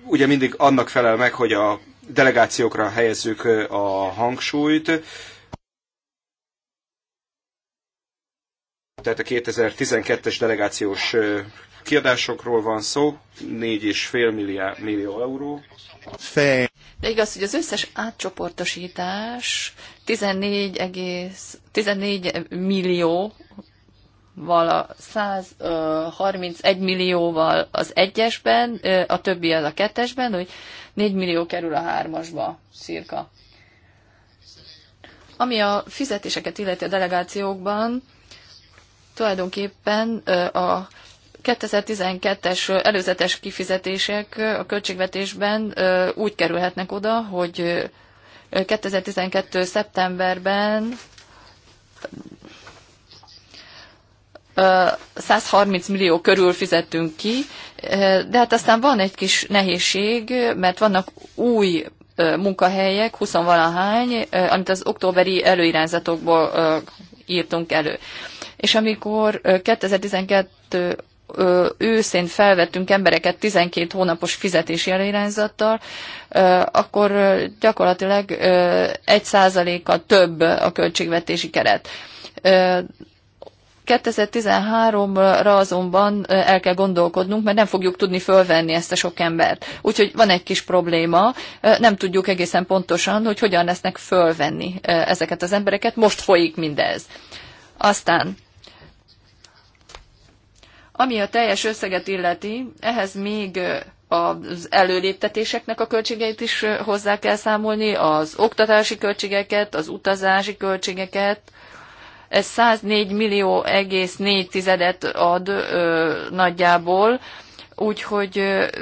ugye mindig annak felel meg, hogy a delegációkra helyezzük a hangsúlyt. Tehát a 2012-es delegációs kiadásokról van szó, 4,5 milliárd, millió euró. Fej. De igaz, hogy az összes átcsoportosítás 14, egész, 14 millió vala 131 millióval az egyesben, a többi az a kettesben, hogy 4 millió kerül a hármasba, szirka. Ami a fizetéseket illeti a delegációkban, tulajdonképpen a 2012-es előzetes kifizetések a költségvetésben úgy kerülhetnek oda, hogy 2012. szeptemberben 130 millió körül fizettünk ki, de hát aztán van egy kis nehézség, mert vannak új munkahelyek, 20 valahány, amit az októberi előirányzatokból írtunk elő. És amikor 2012 őszén felvettünk embereket 12 hónapos fizetési előirányzattal, akkor gyakorlatilag 1%-a több a költségvetési keret. 2013-ra azonban el kell gondolkodnunk, mert nem fogjuk tudni fölvenni ezt a sok embert. Úgyhogy van egy kis probléma, nem tudjuk egészen pontosan, hogy hogyan lesznek fölvenni ezeket az embereket, most folyik mindez. Aztán ami a teljes összeget illeti, ehhez még az előléptetéseknek a költségeit is hozzá kell számolni, az oktatási költségeket, az utazási költségeket. Ez 104 millió egész tizedet ad ö, nagyjából, úgyhogy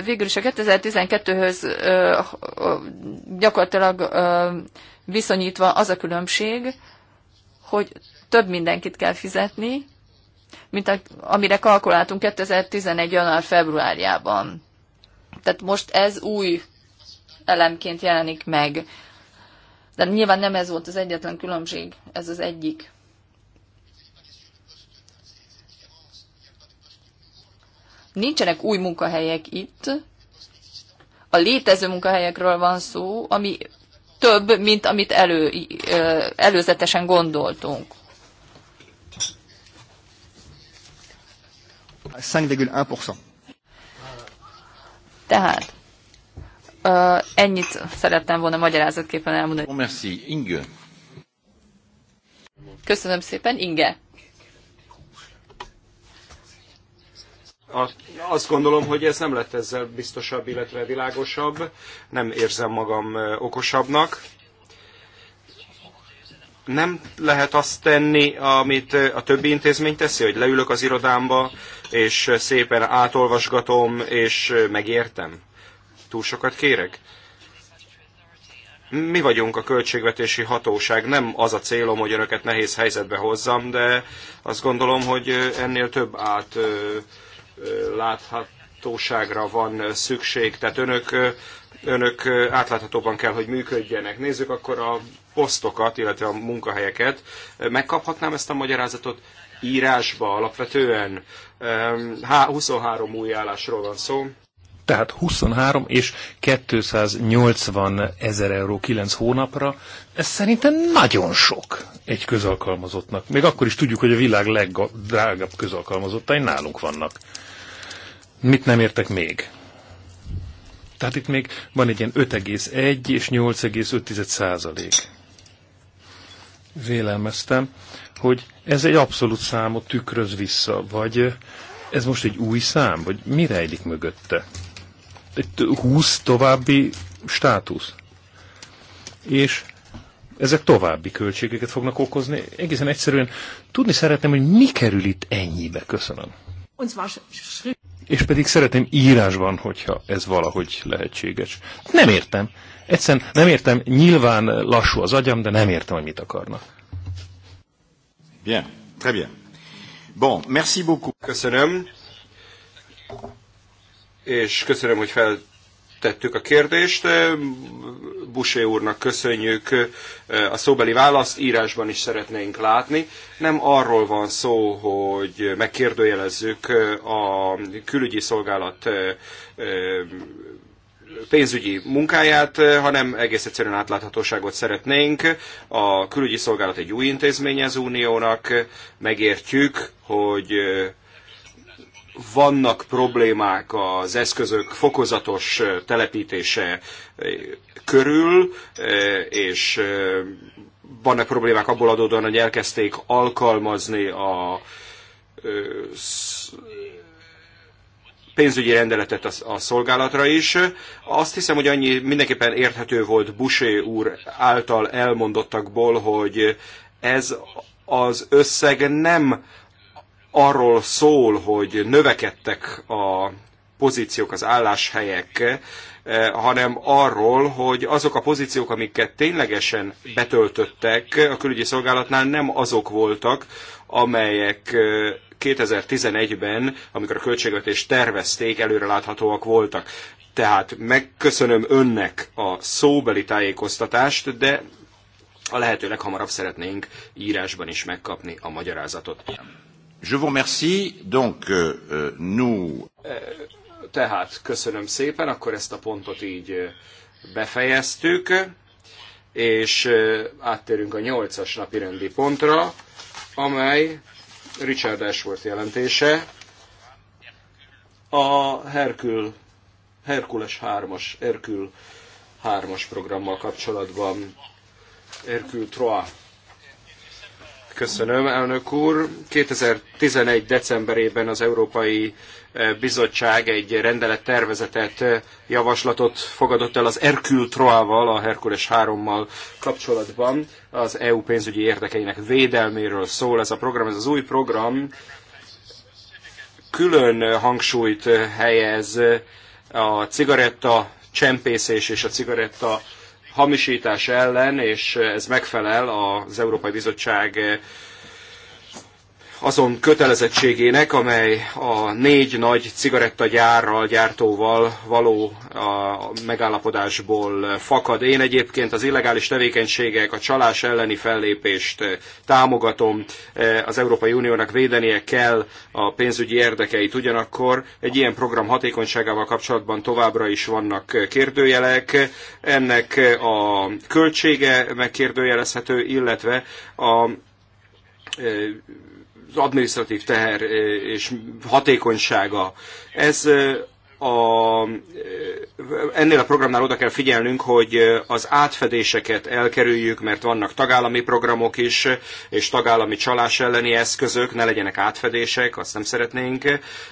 végül is a 2012-höz ö, ö, gyakorlatilag ö, viszonyítva az a különbség, hogy több mindenkit kell fizetni, mint a, amire kalkuláltunk 2011. január-februárjában. Tehát most ez új elemként jelenik meg. De nyilván nem ez volt az egyetlen különbség, ez az egyik. Nincsenek új munkahelyek itt. A létező munkahelyekről van szó, ami több, mint amit elő, előzetesen gondoltunk. 5,1%. Tehát uh, ennyit szerettem volna magyarázatképpen elmondani. Merci, Inge. Köszönöm szépen, Inge. azt gondolom, hogy ez nem lett ezzel biztosabb, illetve világosabb. Nem érzem magam okosabbnak nem lehet azt tenni, amit a többi intézmény teszi, hogy leülök az irodámba, és szépen átolvasgatom, és megértem? Túl sokat kérek? Mi vagyunk a költségvetési hatóság, nem az a célom, hogy önöket nehéz helyzetbe hozzam, de azt gondolom, hogy ennél több át láthat, átláthatóságra van szükség, tehát önök, önök átláthatóban kell, hogy működjenek. Nézzük akkor a posztokat, illetve a munkahelyeket. Megkaphatnám ezt a magyarázatot írásba alapvetően? 23 ehm, új állásról van szó tehát 23 és 280 ezer euró 9 hónapra, ez szerintem nagyon sok egy közalkalmazottnak. Még akkor is tudjuk, hogy a világ legdrágább közalkalmazottai nálunk vannak. Mit nem értek még? Tehát itt még van egy ilyen 5,1 és 8,5 százalék. Vélelmeztem, hogy ez egy abszolút számot tükröz vissza, vagy ez most egy új szám, vagy mi rejlik mögötte? Egy 20 további státusz. És ezek további költségeket fognak okozni. Egészen egyszerűen tudni szeretném, hogy mi kerül itt ennyibe. Köszönöm és pedig szeretném írásban, hogyha ez valahogy lehetséges. Nem értem. Egyszerűen nem értem, nyilván lassú az agyam, de nem értem, hogy mit akarnak. Bien, très bien. Bon, merci beaucoup. Köszönöm. És köszönöm, hogy fel tettük a kérdést. Busé úrnak köszönjük a szóbeli választ, írásban is szeretnénk látni. Nem arról van szó, hogy megkérdőjelezzük a külügyi szolgálat pénzügyi munkáját, hanem egész egyszerűen átláthatóságot szeretnénk. A külügyi szolgálat egy új intézmény az uniónak, megértjük, hogy vannak problémák az eszközök fokozatos telepítése körül, és vannak problémák abból adódóan, hogy elkezdték alkalmazni a pénzügyi rendeletet a, a szolgálatra is. Azt hiszem, hogy annyi mindenképpen érthető volt Busé úr által elmondottakból, hogy ez az összeg nem arról szól, hogy növekedtek a pozíciók, az álláshelyek, eh, hanem arról, hogy azok a pozíciók, amiket ténylegesen betöltöttek a külügyi szolgálatnál, nem azok voltak, amelyek 2011-ben, eh, amikor a költségvetést tervezték, előreláthatóak voltak. Tehát megköszönöm önnek a szóbeli tájékoztatást, de a lehető leghamarabb szeretnénk írásban is megkapni a magyarázatot. Je vous remercie. Donc, euh, euh nous... Eh, tehát köszönöm szépen, akkor ezt a pontot így eh, befejeztük, és eh, áttérünk a nyolcas napi rendi pontra, amely Richard Ashworth jelentése, a Herkül, Herkules 3-as, Herkül 3-as programmal kapcsolatban, Herkül 3 Köszönöm, elnök úr. 2011. decemberében az Európai eh, Bizottság egy rendelettervezetet, eh, javaslatot fogadott el az Hercule 3-val, a Herkules 3-mal kapcsolatban. Az EU pénzügyi érdekeinek védelméről szól ez a program. Ez az új program külön hangsúlyt eh, helyez a cigaretta csempészés és a cigaretta hamisítás ellen, és ez megfelel az Európai Bizottság azon kötelezettségének, amely a négy nagy cigarettagyárral, gyártóval való a megállapodásból fakad. Én egyébként az illegális tevékenységek, a csalás elleni fellépést eh, támogatom. Eh, az Európai Uniónak védenie kell a pénzügyi érdekeit. Ugyanakkor egy ilyen program hatékonyságával kapcsolatban továbbra is vannak eh, kérdőjelek. Ennek a költsége megkérdőjelezhető, illetve a az administratív teher és hatékonysága. Ez a, ennél a programnál oda kell figyelnünk, hogy az átfedéseket elkerüljük, mert vannak tagállami programok is, és tagállami csalás elleni eszközök, ne legyenek átfedések, azt nem szeretnénk.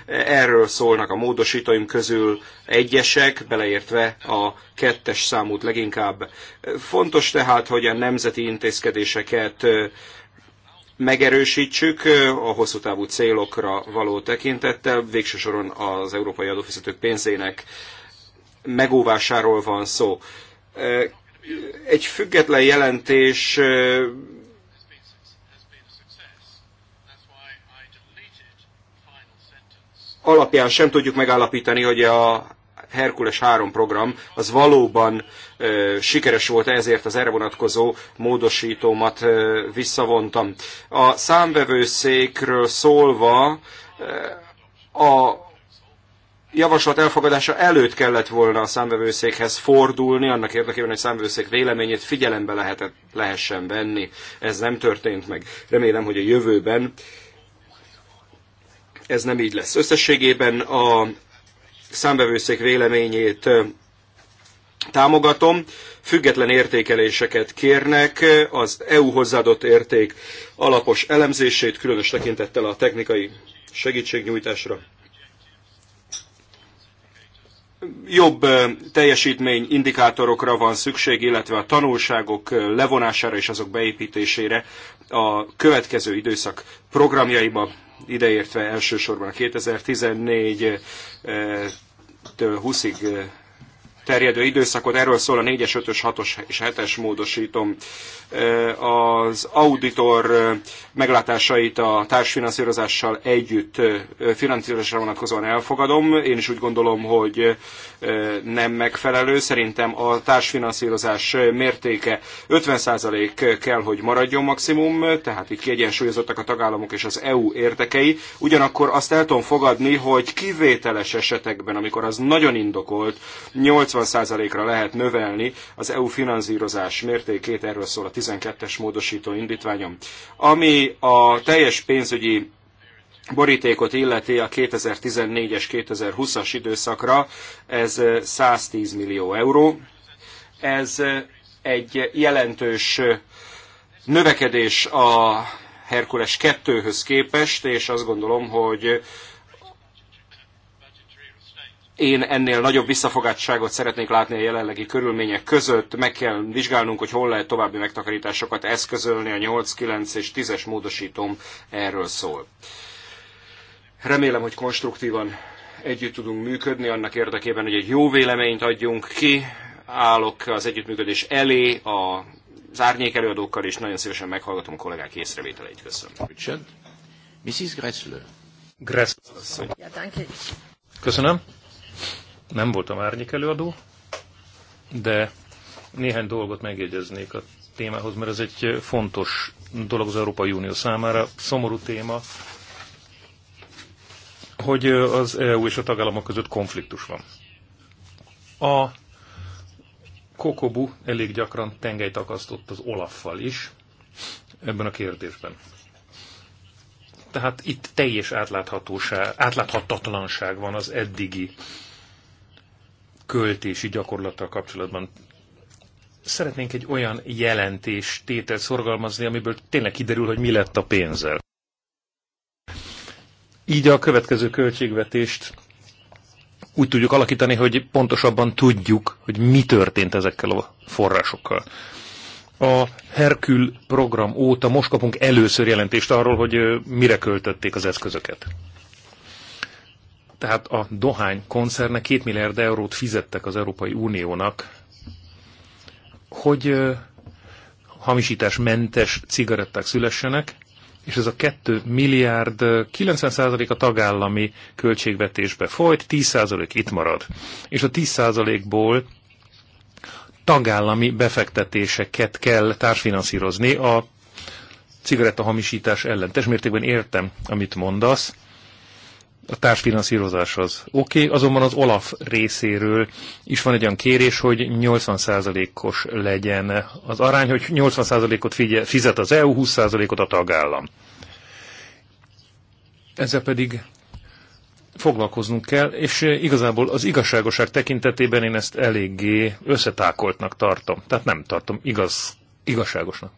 Erről szólnak a módosítóim közül egyesek, beleértve a kettes számút leginkább. Fontos tehát, hogy a nemzeti intézkedéseket megerősítsük a hosszú távú célokra való tekintettel. Végső soron az európai adófizetők pénzének megóvásáról van szó. Egy független jelentés alapján sem tudjuk megállapítani, hogy a Herkules 3 program az valóban sikeres volt, ezért az erre vonatkozó módosítómat visszavontam. A számvevőszékről szólva a javaslat elfogadása előtt kellett volna a számvevőszékhez fordulni, annak érdekében, hogy a számvevőszék véleményét figyelembe lehetett, lehessen venni. Ez nem történt meg. Remélem, hogy a jövőben ez nem így lesz. Összességében a számbevőszék véleményét támogatom. Független értékeléseket kérnek, az EU hozzáadott érték alapos elemzését, különös tekintettel a technikai segítségnyújtásra. Jobb teljesítmény indikátorokra van szükség, illetve a tanulságok levonására és azok beépítésére a következő időszak programjaiba ideértve elsősorban a 2014-től 20-ig terjedő időszakot, erről szól a 4-es, 5-ös, 6-os és 7-es módosítom. Az auditor meglátásait a társfinanszírozással együtt finanszírozásra vonatkozóan elfogadom. Én is úgy gondolom, hogy nem megfelelő. Szerintem a társfinanszírozás mértéke 50% kell, hogy maradjon maximum, tehát itt kiegyensúlyozottak a tagállamok és az EU érdekei. Ugyanakkor azt el tudom fogadni, hogy kivételes esetekben, amikor az nagyon indokolt, 80 80%-ra lehet növelni az EU finanszírozás mértékét, erről szól a 12-es módosító indítványom. Ami a teljes pénzügyi borítékot illeti a 2014-es 2020-as időszakra, ez 110 millió euró. Ez egy jelentős növekedés a Herkules 2-höz képest, és azt gondolom, hogy én ennél nagyobb visszafogátságot szeretnék látni a jelenlegi körülmények között. Meg kell vizsgálnunk, hogy hol lehet további megtakarításokat eszközölni. A 8, 9 és 10-es módosítom erről szól. Remélem, hogy konstruktívan együtt tudunk működni annak érdekében, hogy egy jó véleményt adjunk ki. Állok az együttműködés elé a az árnyék előadókkal, és nagyon szívesen meghallgatom a kollégák észrevételeit. Köszönöm. Richard, Mrs. Gressler. Gressler. Ja, danke. Köszönöm. Nem voltam árnyék előadó, de néhány dolgot megjegyeznék a témához, mert ez egy fontos dolog az Európai Unió számára, szomorú téma, hogy az EU és a tagállamok között konfliktus van. A Kokobu elég gyakran tengelyt akasztott az Olaffal is ebben a kérdésben. Tehát itt teljes átláthatóság, átláthatatlanság van az eddigi költési gyakorlattal kapcsolatban. Szeretnénk egy olyan jelentés tételt szorgalmazni, amiből tényleg kiderül, hogy mi lett a pénzzel. Így a következő költségvetést úgy tudjuk alakítani, hogy pontosabban tudjuk, hogy mi történt ezekkel a forrásokkal. A Herkül program óta most kapunk először jelentést arról, hogy mire költötték az eszközöket tehát a dohány koncerne 2 milliárd eurót fizettek az Európai Uniónak, hogy hamisításmentes cigaretták szülessenek, és ez a 2 milliárd 90% a tagállami költségvetésbe folyt, 10% itt marad. És a 10%-ból tagállami befektetéseket kell társfinanszírozni a cigarettahamisítás ellen. Tesmértékben értem, amit mondasz, a társfinanszírozáshoz. Oké, okay, azonban az OLAF részéről is van egy olyan kérés, hogy 80%-os legyen az arány, hogy 80%-ot fizet az EU, 20%-ot a tagállam. Ezzel pedig foglalkoznunk kell, és igazából az igazságoság tekintetében én ezt eléggé összetákoltnak tartom. Tehát nem tartom igaz, igazságosnak.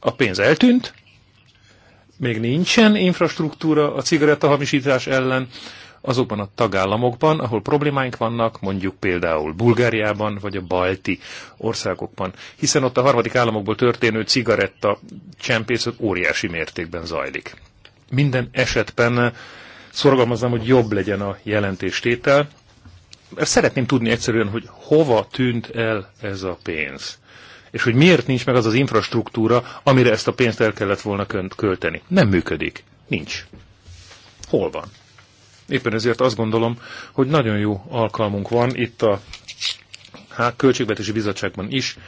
A pénz eltűnt, még nincsen infrastruktúra a cigarettahamisítás ellen, azokban a tagállamokban, ahol problémáink vannak, mondjuk például Bulgáriában vagy a balti országokban, hiszen ott a harmadik államokból történő cigaretta csempészet óriási mértékben zajlik. Minden esetben szorgalmaznám, hogy jobb legyen a jelentéstétel. Szeretném tudni egyszerűen, hogy hova tűnt el ez a pénz és hogy miért nincs meg az az infrastruktúra, amire ezt a pénzt el kellett volna költeni. Nem működik. Nincs. Hol van? Éppen ezért azt gondolom, hogy nagyon jó alkalmunk van itt a hát, Költségvetési Bizottságban is,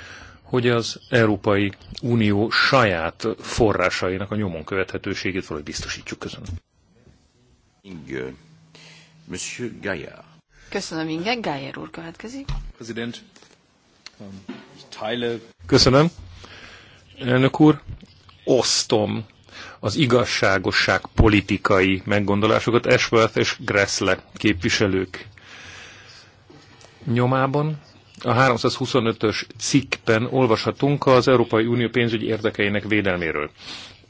hogy az Európai Unió saját forrásainak a nyomon követhetőségét valahogy biztosítjuk közön. Monsieur Köszönöm, Inge. Gájer úr következik. President. Um. Köszönöm. Elnök úr, osztom az igazságosság politikai meggondolásokat Ashworth és Gressle képviselők nyomában. A 325-ös cikkben olvashatunk az Európai Unió pénzügyi érdekeinek védelméről.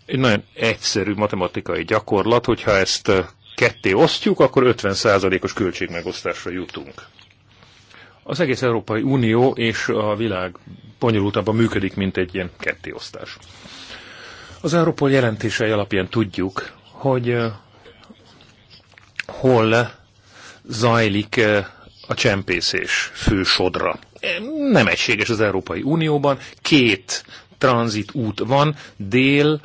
Egy nagyon egyszerű matematikai gyakorlat, hogyha ezt ketté osztjuk, akkor 50%-os költségmegosztásra jutunk. Az egész Európai Unió és a világ bonyolultabban működik, mint egy ilyen kettéosztás. Az Európol jelentései alapján tudjuk, hogy hol zajlik a csempészés fő sodra. Nem egységes az Európai Unióban, két tranzit út van, dél,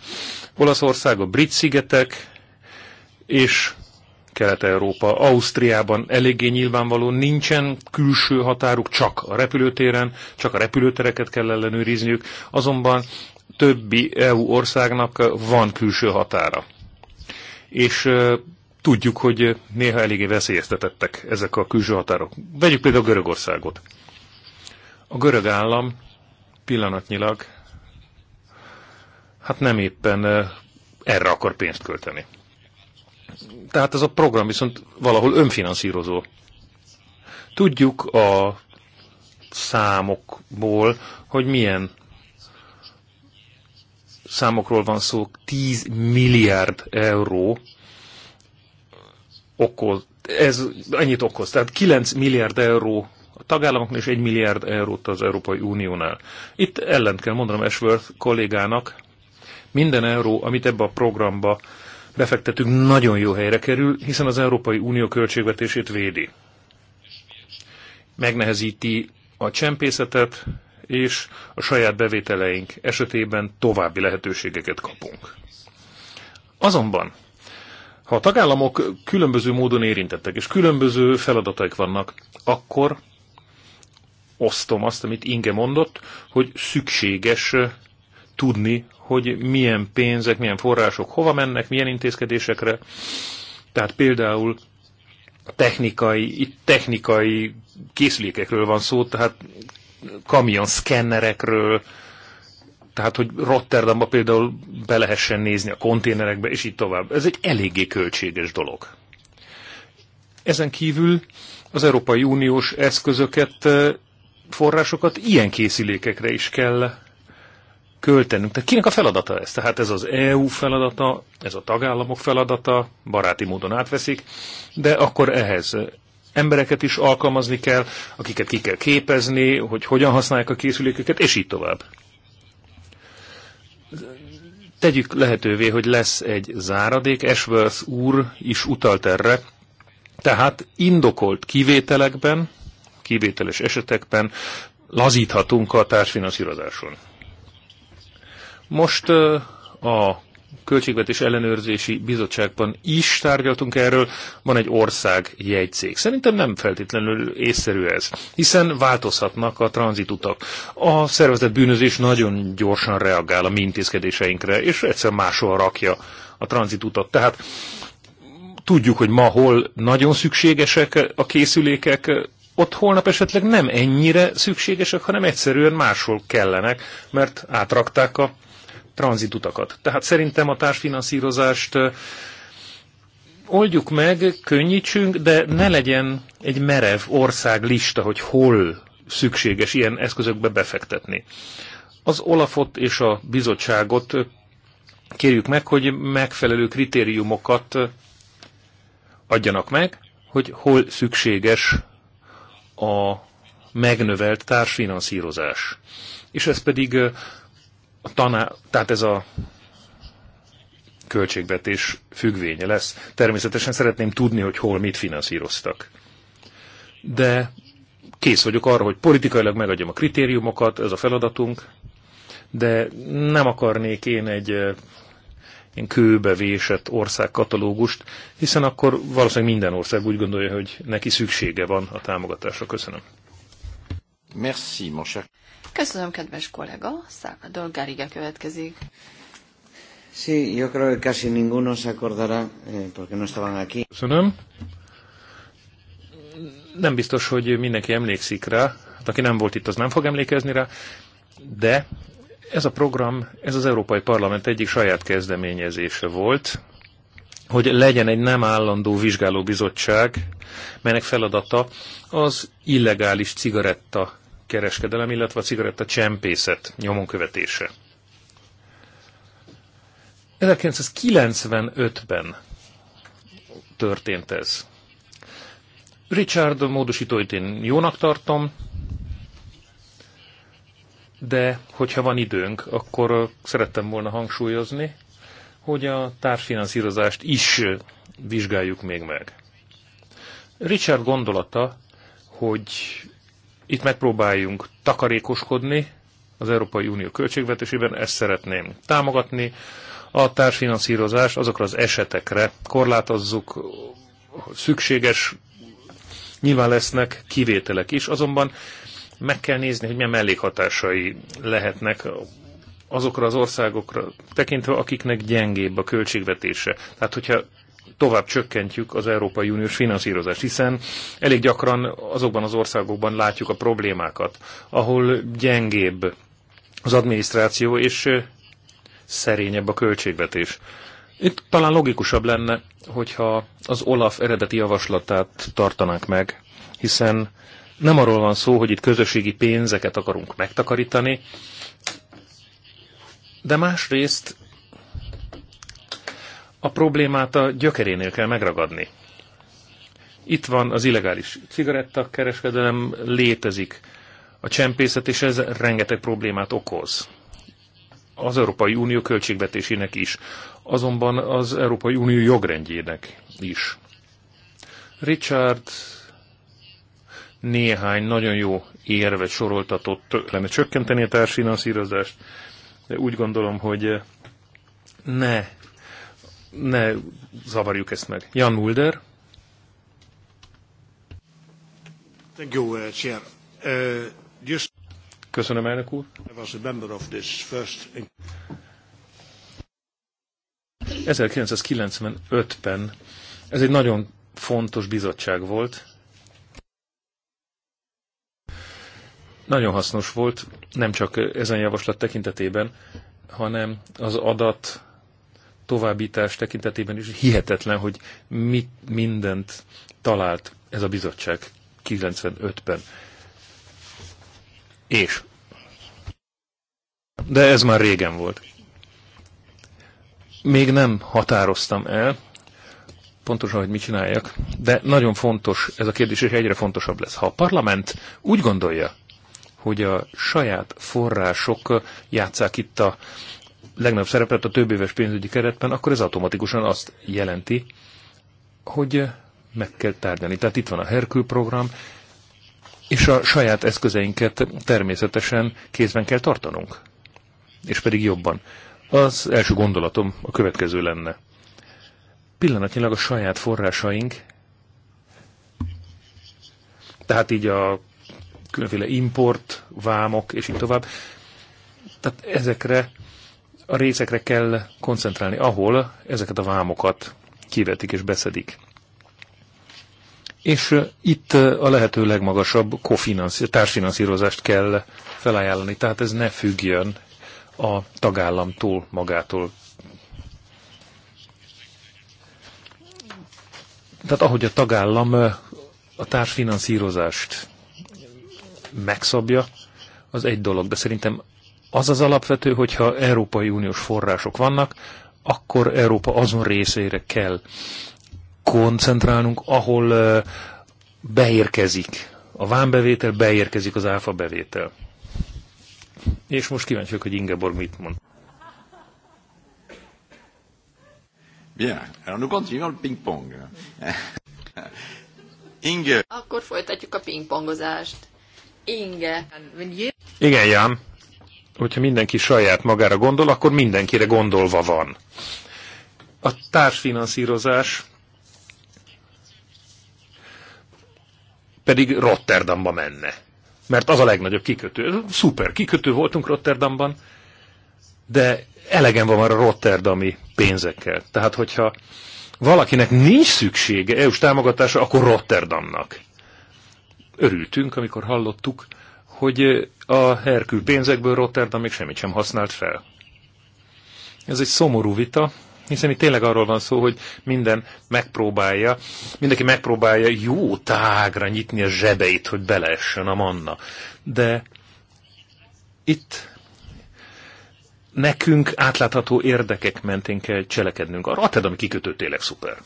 Olaszország, a brit szigetek, és Kelet-Európa. Ausztriában eléggé nyilvánvaló, nincsen külső határuk, csak a repülőtéren, csak a repülőtereket kell ellenőrizniük, azonban többi EU országnak van külső határa. És tudjuk, hogy néha eléggé veszélyeztetettek ezek a külső határok. Vegyük például Görögországot. A görög állam pillanatnyilag hát nem éppen erre akar pénzt költeni tehát ez a program viszont valahol önfinanszírozó. Tudjuk a számokból, hogy milyen számokról van szó, 10 milliárd euró okoz, ez annyit okoz, tehát 9 milliárd euró a tagállamoknál és 1 milliárd eurót az Európai Uniónál. Itt ellent kell mondanom Ashworth kollégának, minden euró, amit ebbe a programba befektetünk, nagyon jó helyre kerül, hiszen az Európai Unió költségvetését védi. Megnehezíti a csempészetet, és a saját bevételeink esetében további lehetőségeket kapunk. Azonban, ha a tagállamok különböző módon érintettek, és különböző feladataik vannak, akkor osztom azt, amit Inge mondott, hogy szükséges tudni, hogy milyen pénzek, milyen források hova mennek, milyen intézkedésekre. Tehát például technikai, itt technikai készülékekről van szó, tehát kamion szkennerekről, tehát hogy Rotterdamba például be lehessen nézni a konténerekbe, és így tovább. Ez egy eléggé költséges dolog. Ezen kívül az Európai Uniós eszközöket, eh, forrásokat ilyen készülékekre is kell költenünk. Tehát kinek a feladata ez? Tehát ez az EU feladata, ez a tagállamok feladata, baráti módon átveszik, de akkor ehhez embereket is alkalmazni kell, akiket ki kell képezni, hogy hogyan használják a készüléküket, és így tovább. Tegyük lehetővé, hogy lesz egy záradék, Ashworth úr is utalt erre, tehát indokolt kivételekben, kivételes esetekben lazíthatunk a társfinanszírozáson. Most a Költségvetés Ellenőrzési Bizottságban is tárgyaltunk erről, van egy ország jegycég. Szerintem nem feltétlenül észszerű ez, hiszen változhatnak a tranzitutak. A szervezet bűnözés nagyon gyorsan reagál a mi intézkedéseinkre, és egyszer máshol rakja a tranzitutat. Tehát tudjuk, hogy ma hol nagyon szükségesek a készülékek, ott holnap esetleg nem ennyire szükségesek, hanem egyszerűen máshol kellenek, mert átrakták a tranzitutakat. Tehát szerintem a társfinanszírozást oldjuk meg, könnyítsünk, de ne legyen egy merev országlista, hogy hol szükséges ilyen eszközökbe befektetni. Az Olafot és a bizottságot kérjük meg, hogy megfelelő kritériumokat adjanak meg, hogy hol szükséges a megnövelt társfinanszírozás. És ez pedig a taná, tehát ez a költségvetés függvénye lesz. Természetesen szeretném tudni, hogy hol mit finanszíroztak. De kész vagyok arra, hogy politikailag megadjam a kritériumokat, ez a feladatunk, de nem akarnék én egy én eh, kőbe vésett országkatalógust, hiszen akkor valószínűleg minden ország úgy gondolja, hogy neki szüksége van a támogatásra. Köszönöm. Merci, mon cher. Köszönöm, kedves kollega. Salvador Gáriga következik. Sí, yo creo que casi ninguno se acordará, eh, porque no estaban aquí. Köszönöm. Nem biztos, hogy mindenki emlékszik rá, hát aki nem volt itt, az nem fog emlékezni rá, de ez a program, ez az Európai Parlament egyik saját kezdeményezése volt, hogy legyen egy nem állandó vizsgálóbizottság, melynek feladata az illegális cigaretta kereskedelem, illetve a cigaretta csempészet nyomon követése. 1995-ben történt ez. Richard módosítóit én jónak tartom, de hogyha van időnk, akkor szerettem volna hangsúlyozni, hogy a társfinanszírozást is vizsgáljuk még meg. Richard gondolata, hogy itt megpróbáljunk takarékoskodni az Európai Unió költségvetésében, ezt szeretném támogatni. A társfinanszírozás azokra az esetekre korlátozzuk, szükséges, nyilván lesznek kivételek is, azonban meg kell nézni, hogy milyen mellékhatásai lehetnek azokra az országokra tekintve, akiknek gyengébb a költségvetése. Tehát, hogyha tovább csökkentjük az Európai Uniós finanszírozást, hiszen elég gyakran azokban az országokban látjuk a problémákat, ahol gyengébb az adminisztráció és szerényebb a költségvetés. Itt talán logikusabb lenne, hogyha az Olaf eredeti javaslatát tartanánk meg, hiszen nem arról van szó, hogy itt közösségi pénzeket akarunk megtakarítani, de másrészt a problémát a gyökerénél kell megragadni. Itt van az illegális kereskedelem létezik a csempészet, és ez rengeteg problémát okoz. Az Európai Unió költségvetésének is, azonban az Európai Unió jogrendjének is. Richard néhány nagyon jó érvet soroltatott, lenne csökkenteni a társfinanszírozást, de úgy gondolom, hogy ne ne zavarjuk ezt meg. Jan Mulder. Uh, uh, Köszönöm, elnök úr. of this first... 1995-ben ez egy nagyon fontos bizottság volt. Nagyon hasznos volt, nem csak ezen javaslat tekintetében, hanem az adat továbbítás tekintetében is hihetetlen, hogy mit mindent talált ez a bizottság 95-ben. És. De ez már régen volt. Még nem határoztam el, pontosan, hogy mit csináljak, de nagyon fontos ez a kérdés, és egyre fontosabb lesz. Ha a parlament úgy gondolja, hogy a saját források játszák itt a legnagyobb szerepet a több éves pénzügyi keretben, akkor ez automatikusan azt jelenti, hogy meg kell tárgyalni. Tehát itt van a Herkül program, és a saját eszközeinket természetesen kézben kell tartanunk. És pedig jobban. Az első gondolatom a következő lenne. Pillanatnyilag a saját forrásaink, tehát így a különféle import, vámok, és így tovább, tehát ezekre a részekre kell koncentrálni, ahol ezeket a vámokat kivetik és beszedik. És itt a lehető legmagasabb társfinanszírozást kell felajánlani, tehát ez ne függjön a tagállamtól magától. Tehát ahogy a tagállam a társfinanszírozást megszabja, az egy dolog, de szerintem az az alapvető, hogyha Európai Uniós források vannak, akkor Európa azon részére kell koncentrálnunk, ahol beérkezik a vámbevétel, beérkezik az áfa bevétel. És most kíváncsi vagyok, hogy Ingeborg mit mond. Bien, alors nous continuons le ping-pong. *laughs* Inge. Akkor folytatjuk a pingpongozást. Inge. Igen, Jan hogyha mindenki saját magára gondol, akkor mindenkire gondolva van. A társfinanszírozás pedig Rotterdamba menne. Mert az a legnagyobb kikötő. Szuper kikötő voltunk Rotterdamban, de elegem van már a rotterdami pénzekkel. Tehát, hogyha valakinek nincs szüksége EU-s támogatása, akkor Rotterdamnak. Örültünk, amikor hallottuk, hogy a Herkül pénzekből Rotterdam még semmit sem használt fel. Ez egy szomorú vita, hiszen itt tényleg arról van szó, hogy minden megpróbálja, mindenki megpróbálja jó tágra nyitni a zsebeit, hogy beleessen a manna. De itt nekünk átlátható érdekek mentén kell cselekednünk. A Rotterdami kikötő tényleg szuper.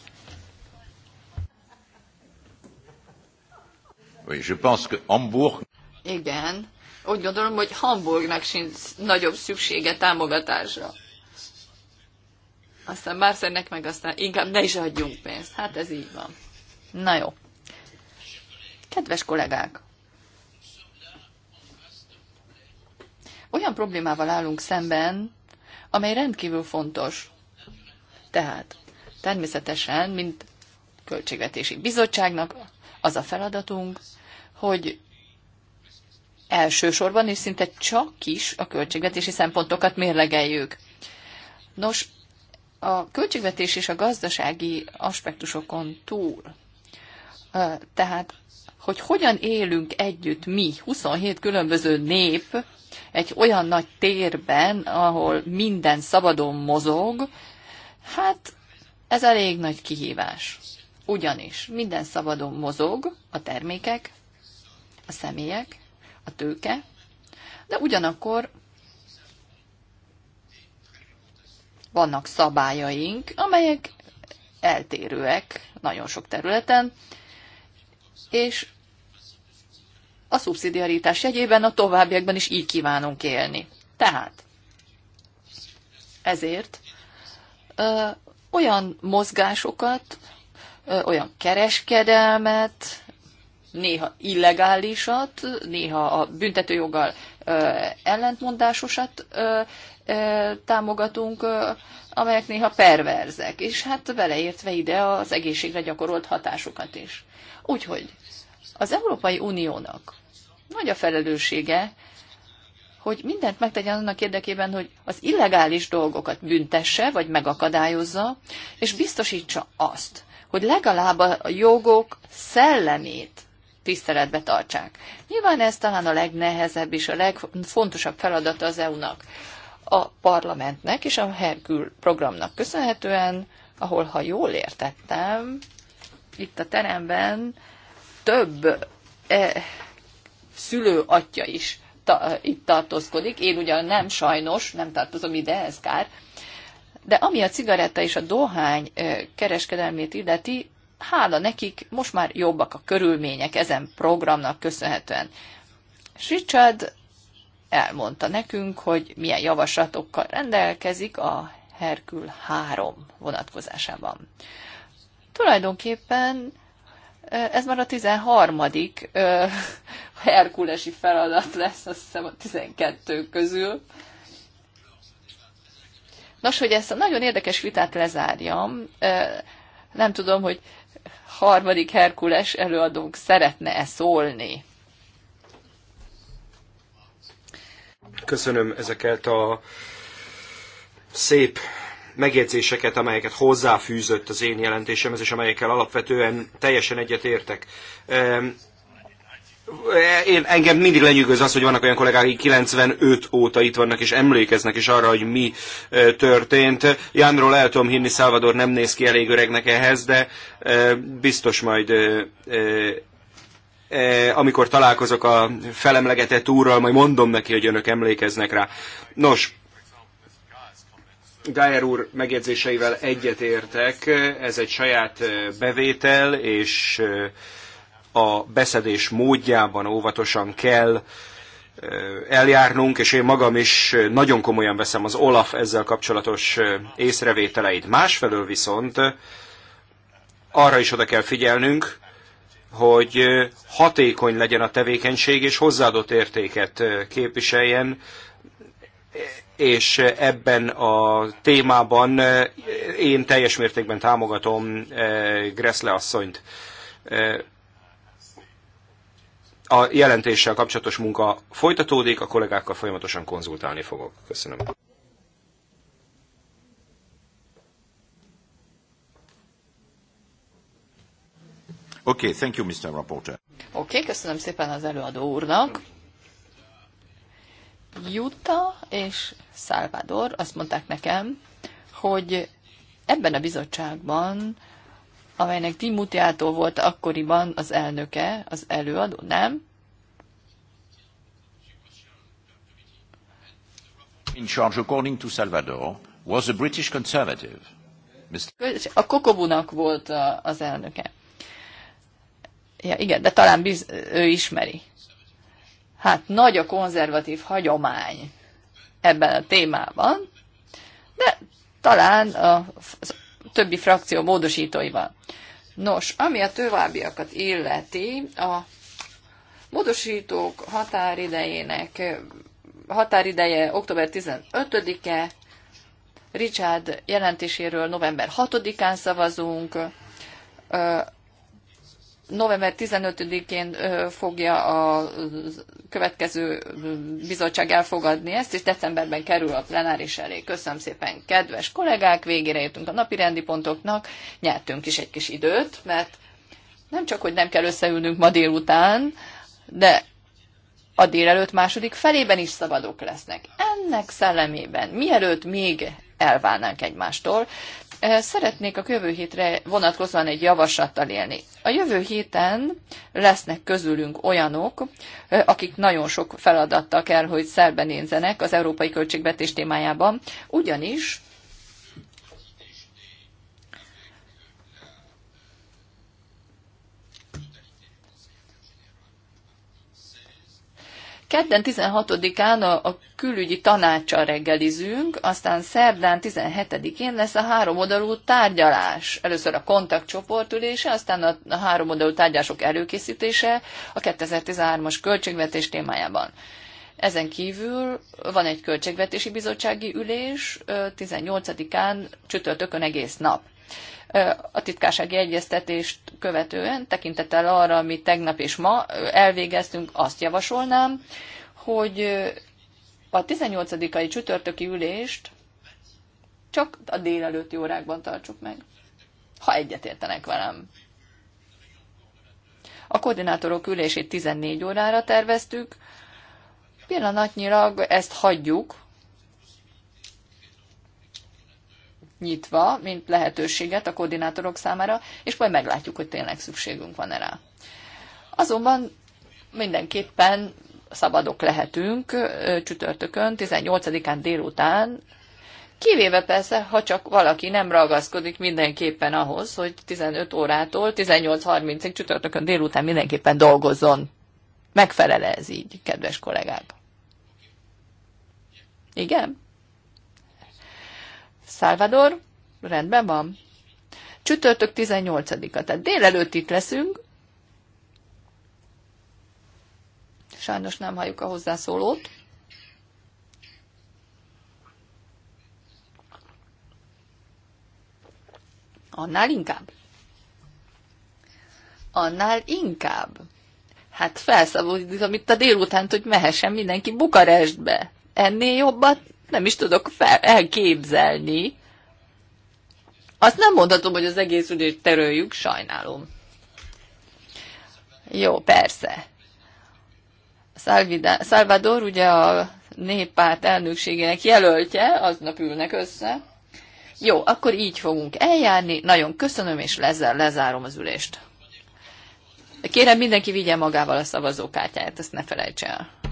Oui, je pense que Hamburg igen. Úgy gondolom, hogy Hamburgnak sincs nagyobb szüksége támogatásra. Aztán Bárszernek meg aztán inkább ne is adjunk pénzt. Hát ez így van. Na jó. Kedves kollégák! Olyan problémával állunk szemben, amely rendkívül fontos. Tehát természetesen, mint költségvetési bizottságnak az a feladatunk, hogy elsősorban és szinte csak is a költségvetési szempontokat mérlegeljük. Nos, a költségvetés és a gazdasági aspektusokon túl, tehát, hogy hogyan élünk együtt mi, 27 különböző nép, egy olyan nagy térben, ahol minden szabadon mozog, hát ez elég nagy kihívás. Ugyanis minden szabadon mozog a termékek, a személyek, a tőke, de ugyanakkor vannak szabályaink, amelyek eltérőek nagyon sok területen, és a szubszidiaritás jegyében a továbbiakban is így kívánunk élni. Tehát ezért ö, olyan mozgásokat, ö, olyan kereskedelmet, néha illegálisat, néha a büntetőjoggal ellentmondásosat támogatunk, amelyek néha perverzek, és hát beleértve ide az egészségre gyakorolt hatásukat is. Úgyhogy az Európai Uniónak nagy a felelőssége, hogy mindent megtegyen annak érdekében, hogy az illegális dolgokat büntesse, vagy megakadályozza, és biztosítsa azt, hogy legalább a jogok szellemét tiszteletbe tartsák. Nyilván ez talán a legnehezebb és a legfontosabb feladata az EU-nak, a parlamentnek és a Herkül programnak köszönhetően, ahol, ha jól értettem, itt a teremben több e, szülő atya is ta, itt tartózkodik. Én ugyan nem sajnos, nem tartozom ide, ez kár. De ami a cigaretta és a dohány e, kereskedelmét illeti, hála nekik most már jobbak a körülmények ezen programnak köszönhetően. És Richard elmondta nekünk, hogy milyen javaslatokkal rendelkezik a Herkül 3 vonatkozásában. Tulajdonképpen ez már a 13. *laughs* herkulesi feladat lesz, azt hiszem a 12 közül. Nos, hogy ezt a nagyon érdekes vitát lezárjam, nem tudom, hogy harmadik Herkules előadónk szeretne-e szólni? Köszönöm ezeket a szép megjegyzéseket, amelyeket hozzáfűzött az én jelentésemhez, és amelyekkel alapvetően teljesen egyetértek én, engem mindig lenyűgöz az, hogy vannak olyan kollégák, akik 95 óta itt vannak, és emlékeznek is arra, hogy mi történt. Jánról el tudom hinni, Salvador nem néz ki elég öregnek ehhez, de biztos majd amikor találkozok a felemlegetett úrral, majd mondom neki, hogy önök emlékeznek rá. Nos, Gájer úr megjegyzéseivel egyetértek, ez egy saját bevétel, és a beszedés módjában óvatosan kell eljárnunk, és én magam is nagyon komolyan veszem az Olaf ezzel kapcsolatos észrevételeit. Másfelől viszont arra is oda kell figyelnünk, hogy hatékony legyen a tevékenység, és hozzáadott értéket képviseljen, és ebben a témában én teljes mértékben támogatom Gressle asszonyt. A jelentéssel kapcsolatos munka folytatódik, a kollégákkal folyamatosan konzultálni fogok. Köszönöm. Oké, okay, thank you, Mr. Reporter. Oké, okay, köszönöm szépen az előadó úrnak. Juta és Salvador azt mondták nekem, hogy ebben a bizottságban amelynek Timutiától volt akkoriban az elnöke, az előadó, nem? In charge, according to Salvador, was a British conservative. A Kokobunak volt a, uh, az elnöke. Ja, igen, de talán biz, ő ismeri. Hát nagy a konzervatív hagyomány ebben a témában, de talán a, az többi frakció módosítóival. Nos, ami a továbbiakat illeti, a módosítók határidejének határideje október 15-e, Richard jelentéséről november 6-án szavazunk, november 15-én fogja a következő bizottság elfogadni ezt, és decemberben kerül a plenáris elé. Köszönöm szépen, kedves kollégák, végére jutunk a napi rendi pontoknak, nyertünk is egy kis időt, mert nem csak, hogy nem kell összeülnünk ma délután, de a délelőtt második felében is szabadok lesznek. Ennek szellemében, mielőtt még elválnánk egymástól, Szeretnék a jövő hétre vonatkozóan egy javaslattal élni. A jövő héten lesznek közülünk olyanok, akik nagyon sok feladattal kell, hogy szerbenézzenek az európai költségvetés témájában, ugyanis Kedden 16-án a, a külügyi tanácsa reggelizünk, aztán szerdán 17-én lesz a háromoldalú tárgyalás. Először a kontaktcsoportülése, ülése, aztán a, a háromoldalú tárgyások előkészítése a 2013-as költségvetés témájában. Ezen kívül van egy költségvetési bizottsági ülés 18-án csütörtökön egész nap a titkársági egyeztetést követően, tekintettel arra, amit tegnap és ma elvégeztünk, azt javasolnám, hogy a 18-ai csütörtöki ülést csak a délelőtti órákban tartsuk meg, ha egyetértenek velem. A koordinátorok ülését 14 órára terveztük, pillanatnyilag ezt hagyjuk, nyitva, mint lehetőséget a koordinátorok számára, és majd meglátjuk, hogy tényleg szükségünk van erre. Azonban mindenképpen szabadok lehetünk csütörtökön, 18-án délután, kivéve persze, ha csak valaki nem ragaszkodik mindenképpen ahhoz, hogy 15 órától 18.30-ig csütörtökön délután mindenképpen dolgozzon. Megfelele ez így, kedves kollégák? Igen? Salvador, rendben van. Csütörtök 18-a, tehát délelőtt itt leszünk. Sajnos nem halljuk a hozzászólót. Annál inkább. Annál inkább. Hát felszabadítom itt a délutánt, hogy mehessen mindenki Bukarestbe. Ennél jobbat nem is tudok fel, elképzelni. Azt nem mondhatom, hogy az egész ügyét teröljük, sajnálom. Jó, persze. Salvida, Salvador ugye a néppárt elnökségének jelöltje, aznap ülnek össze. Jó, akkor így fogunk eljárni. Nagyon köszönöm, és lezár, lezárom az ülést. Kérem, mindenki vigye magával a szavazókártyáját, ezt ne felejts el.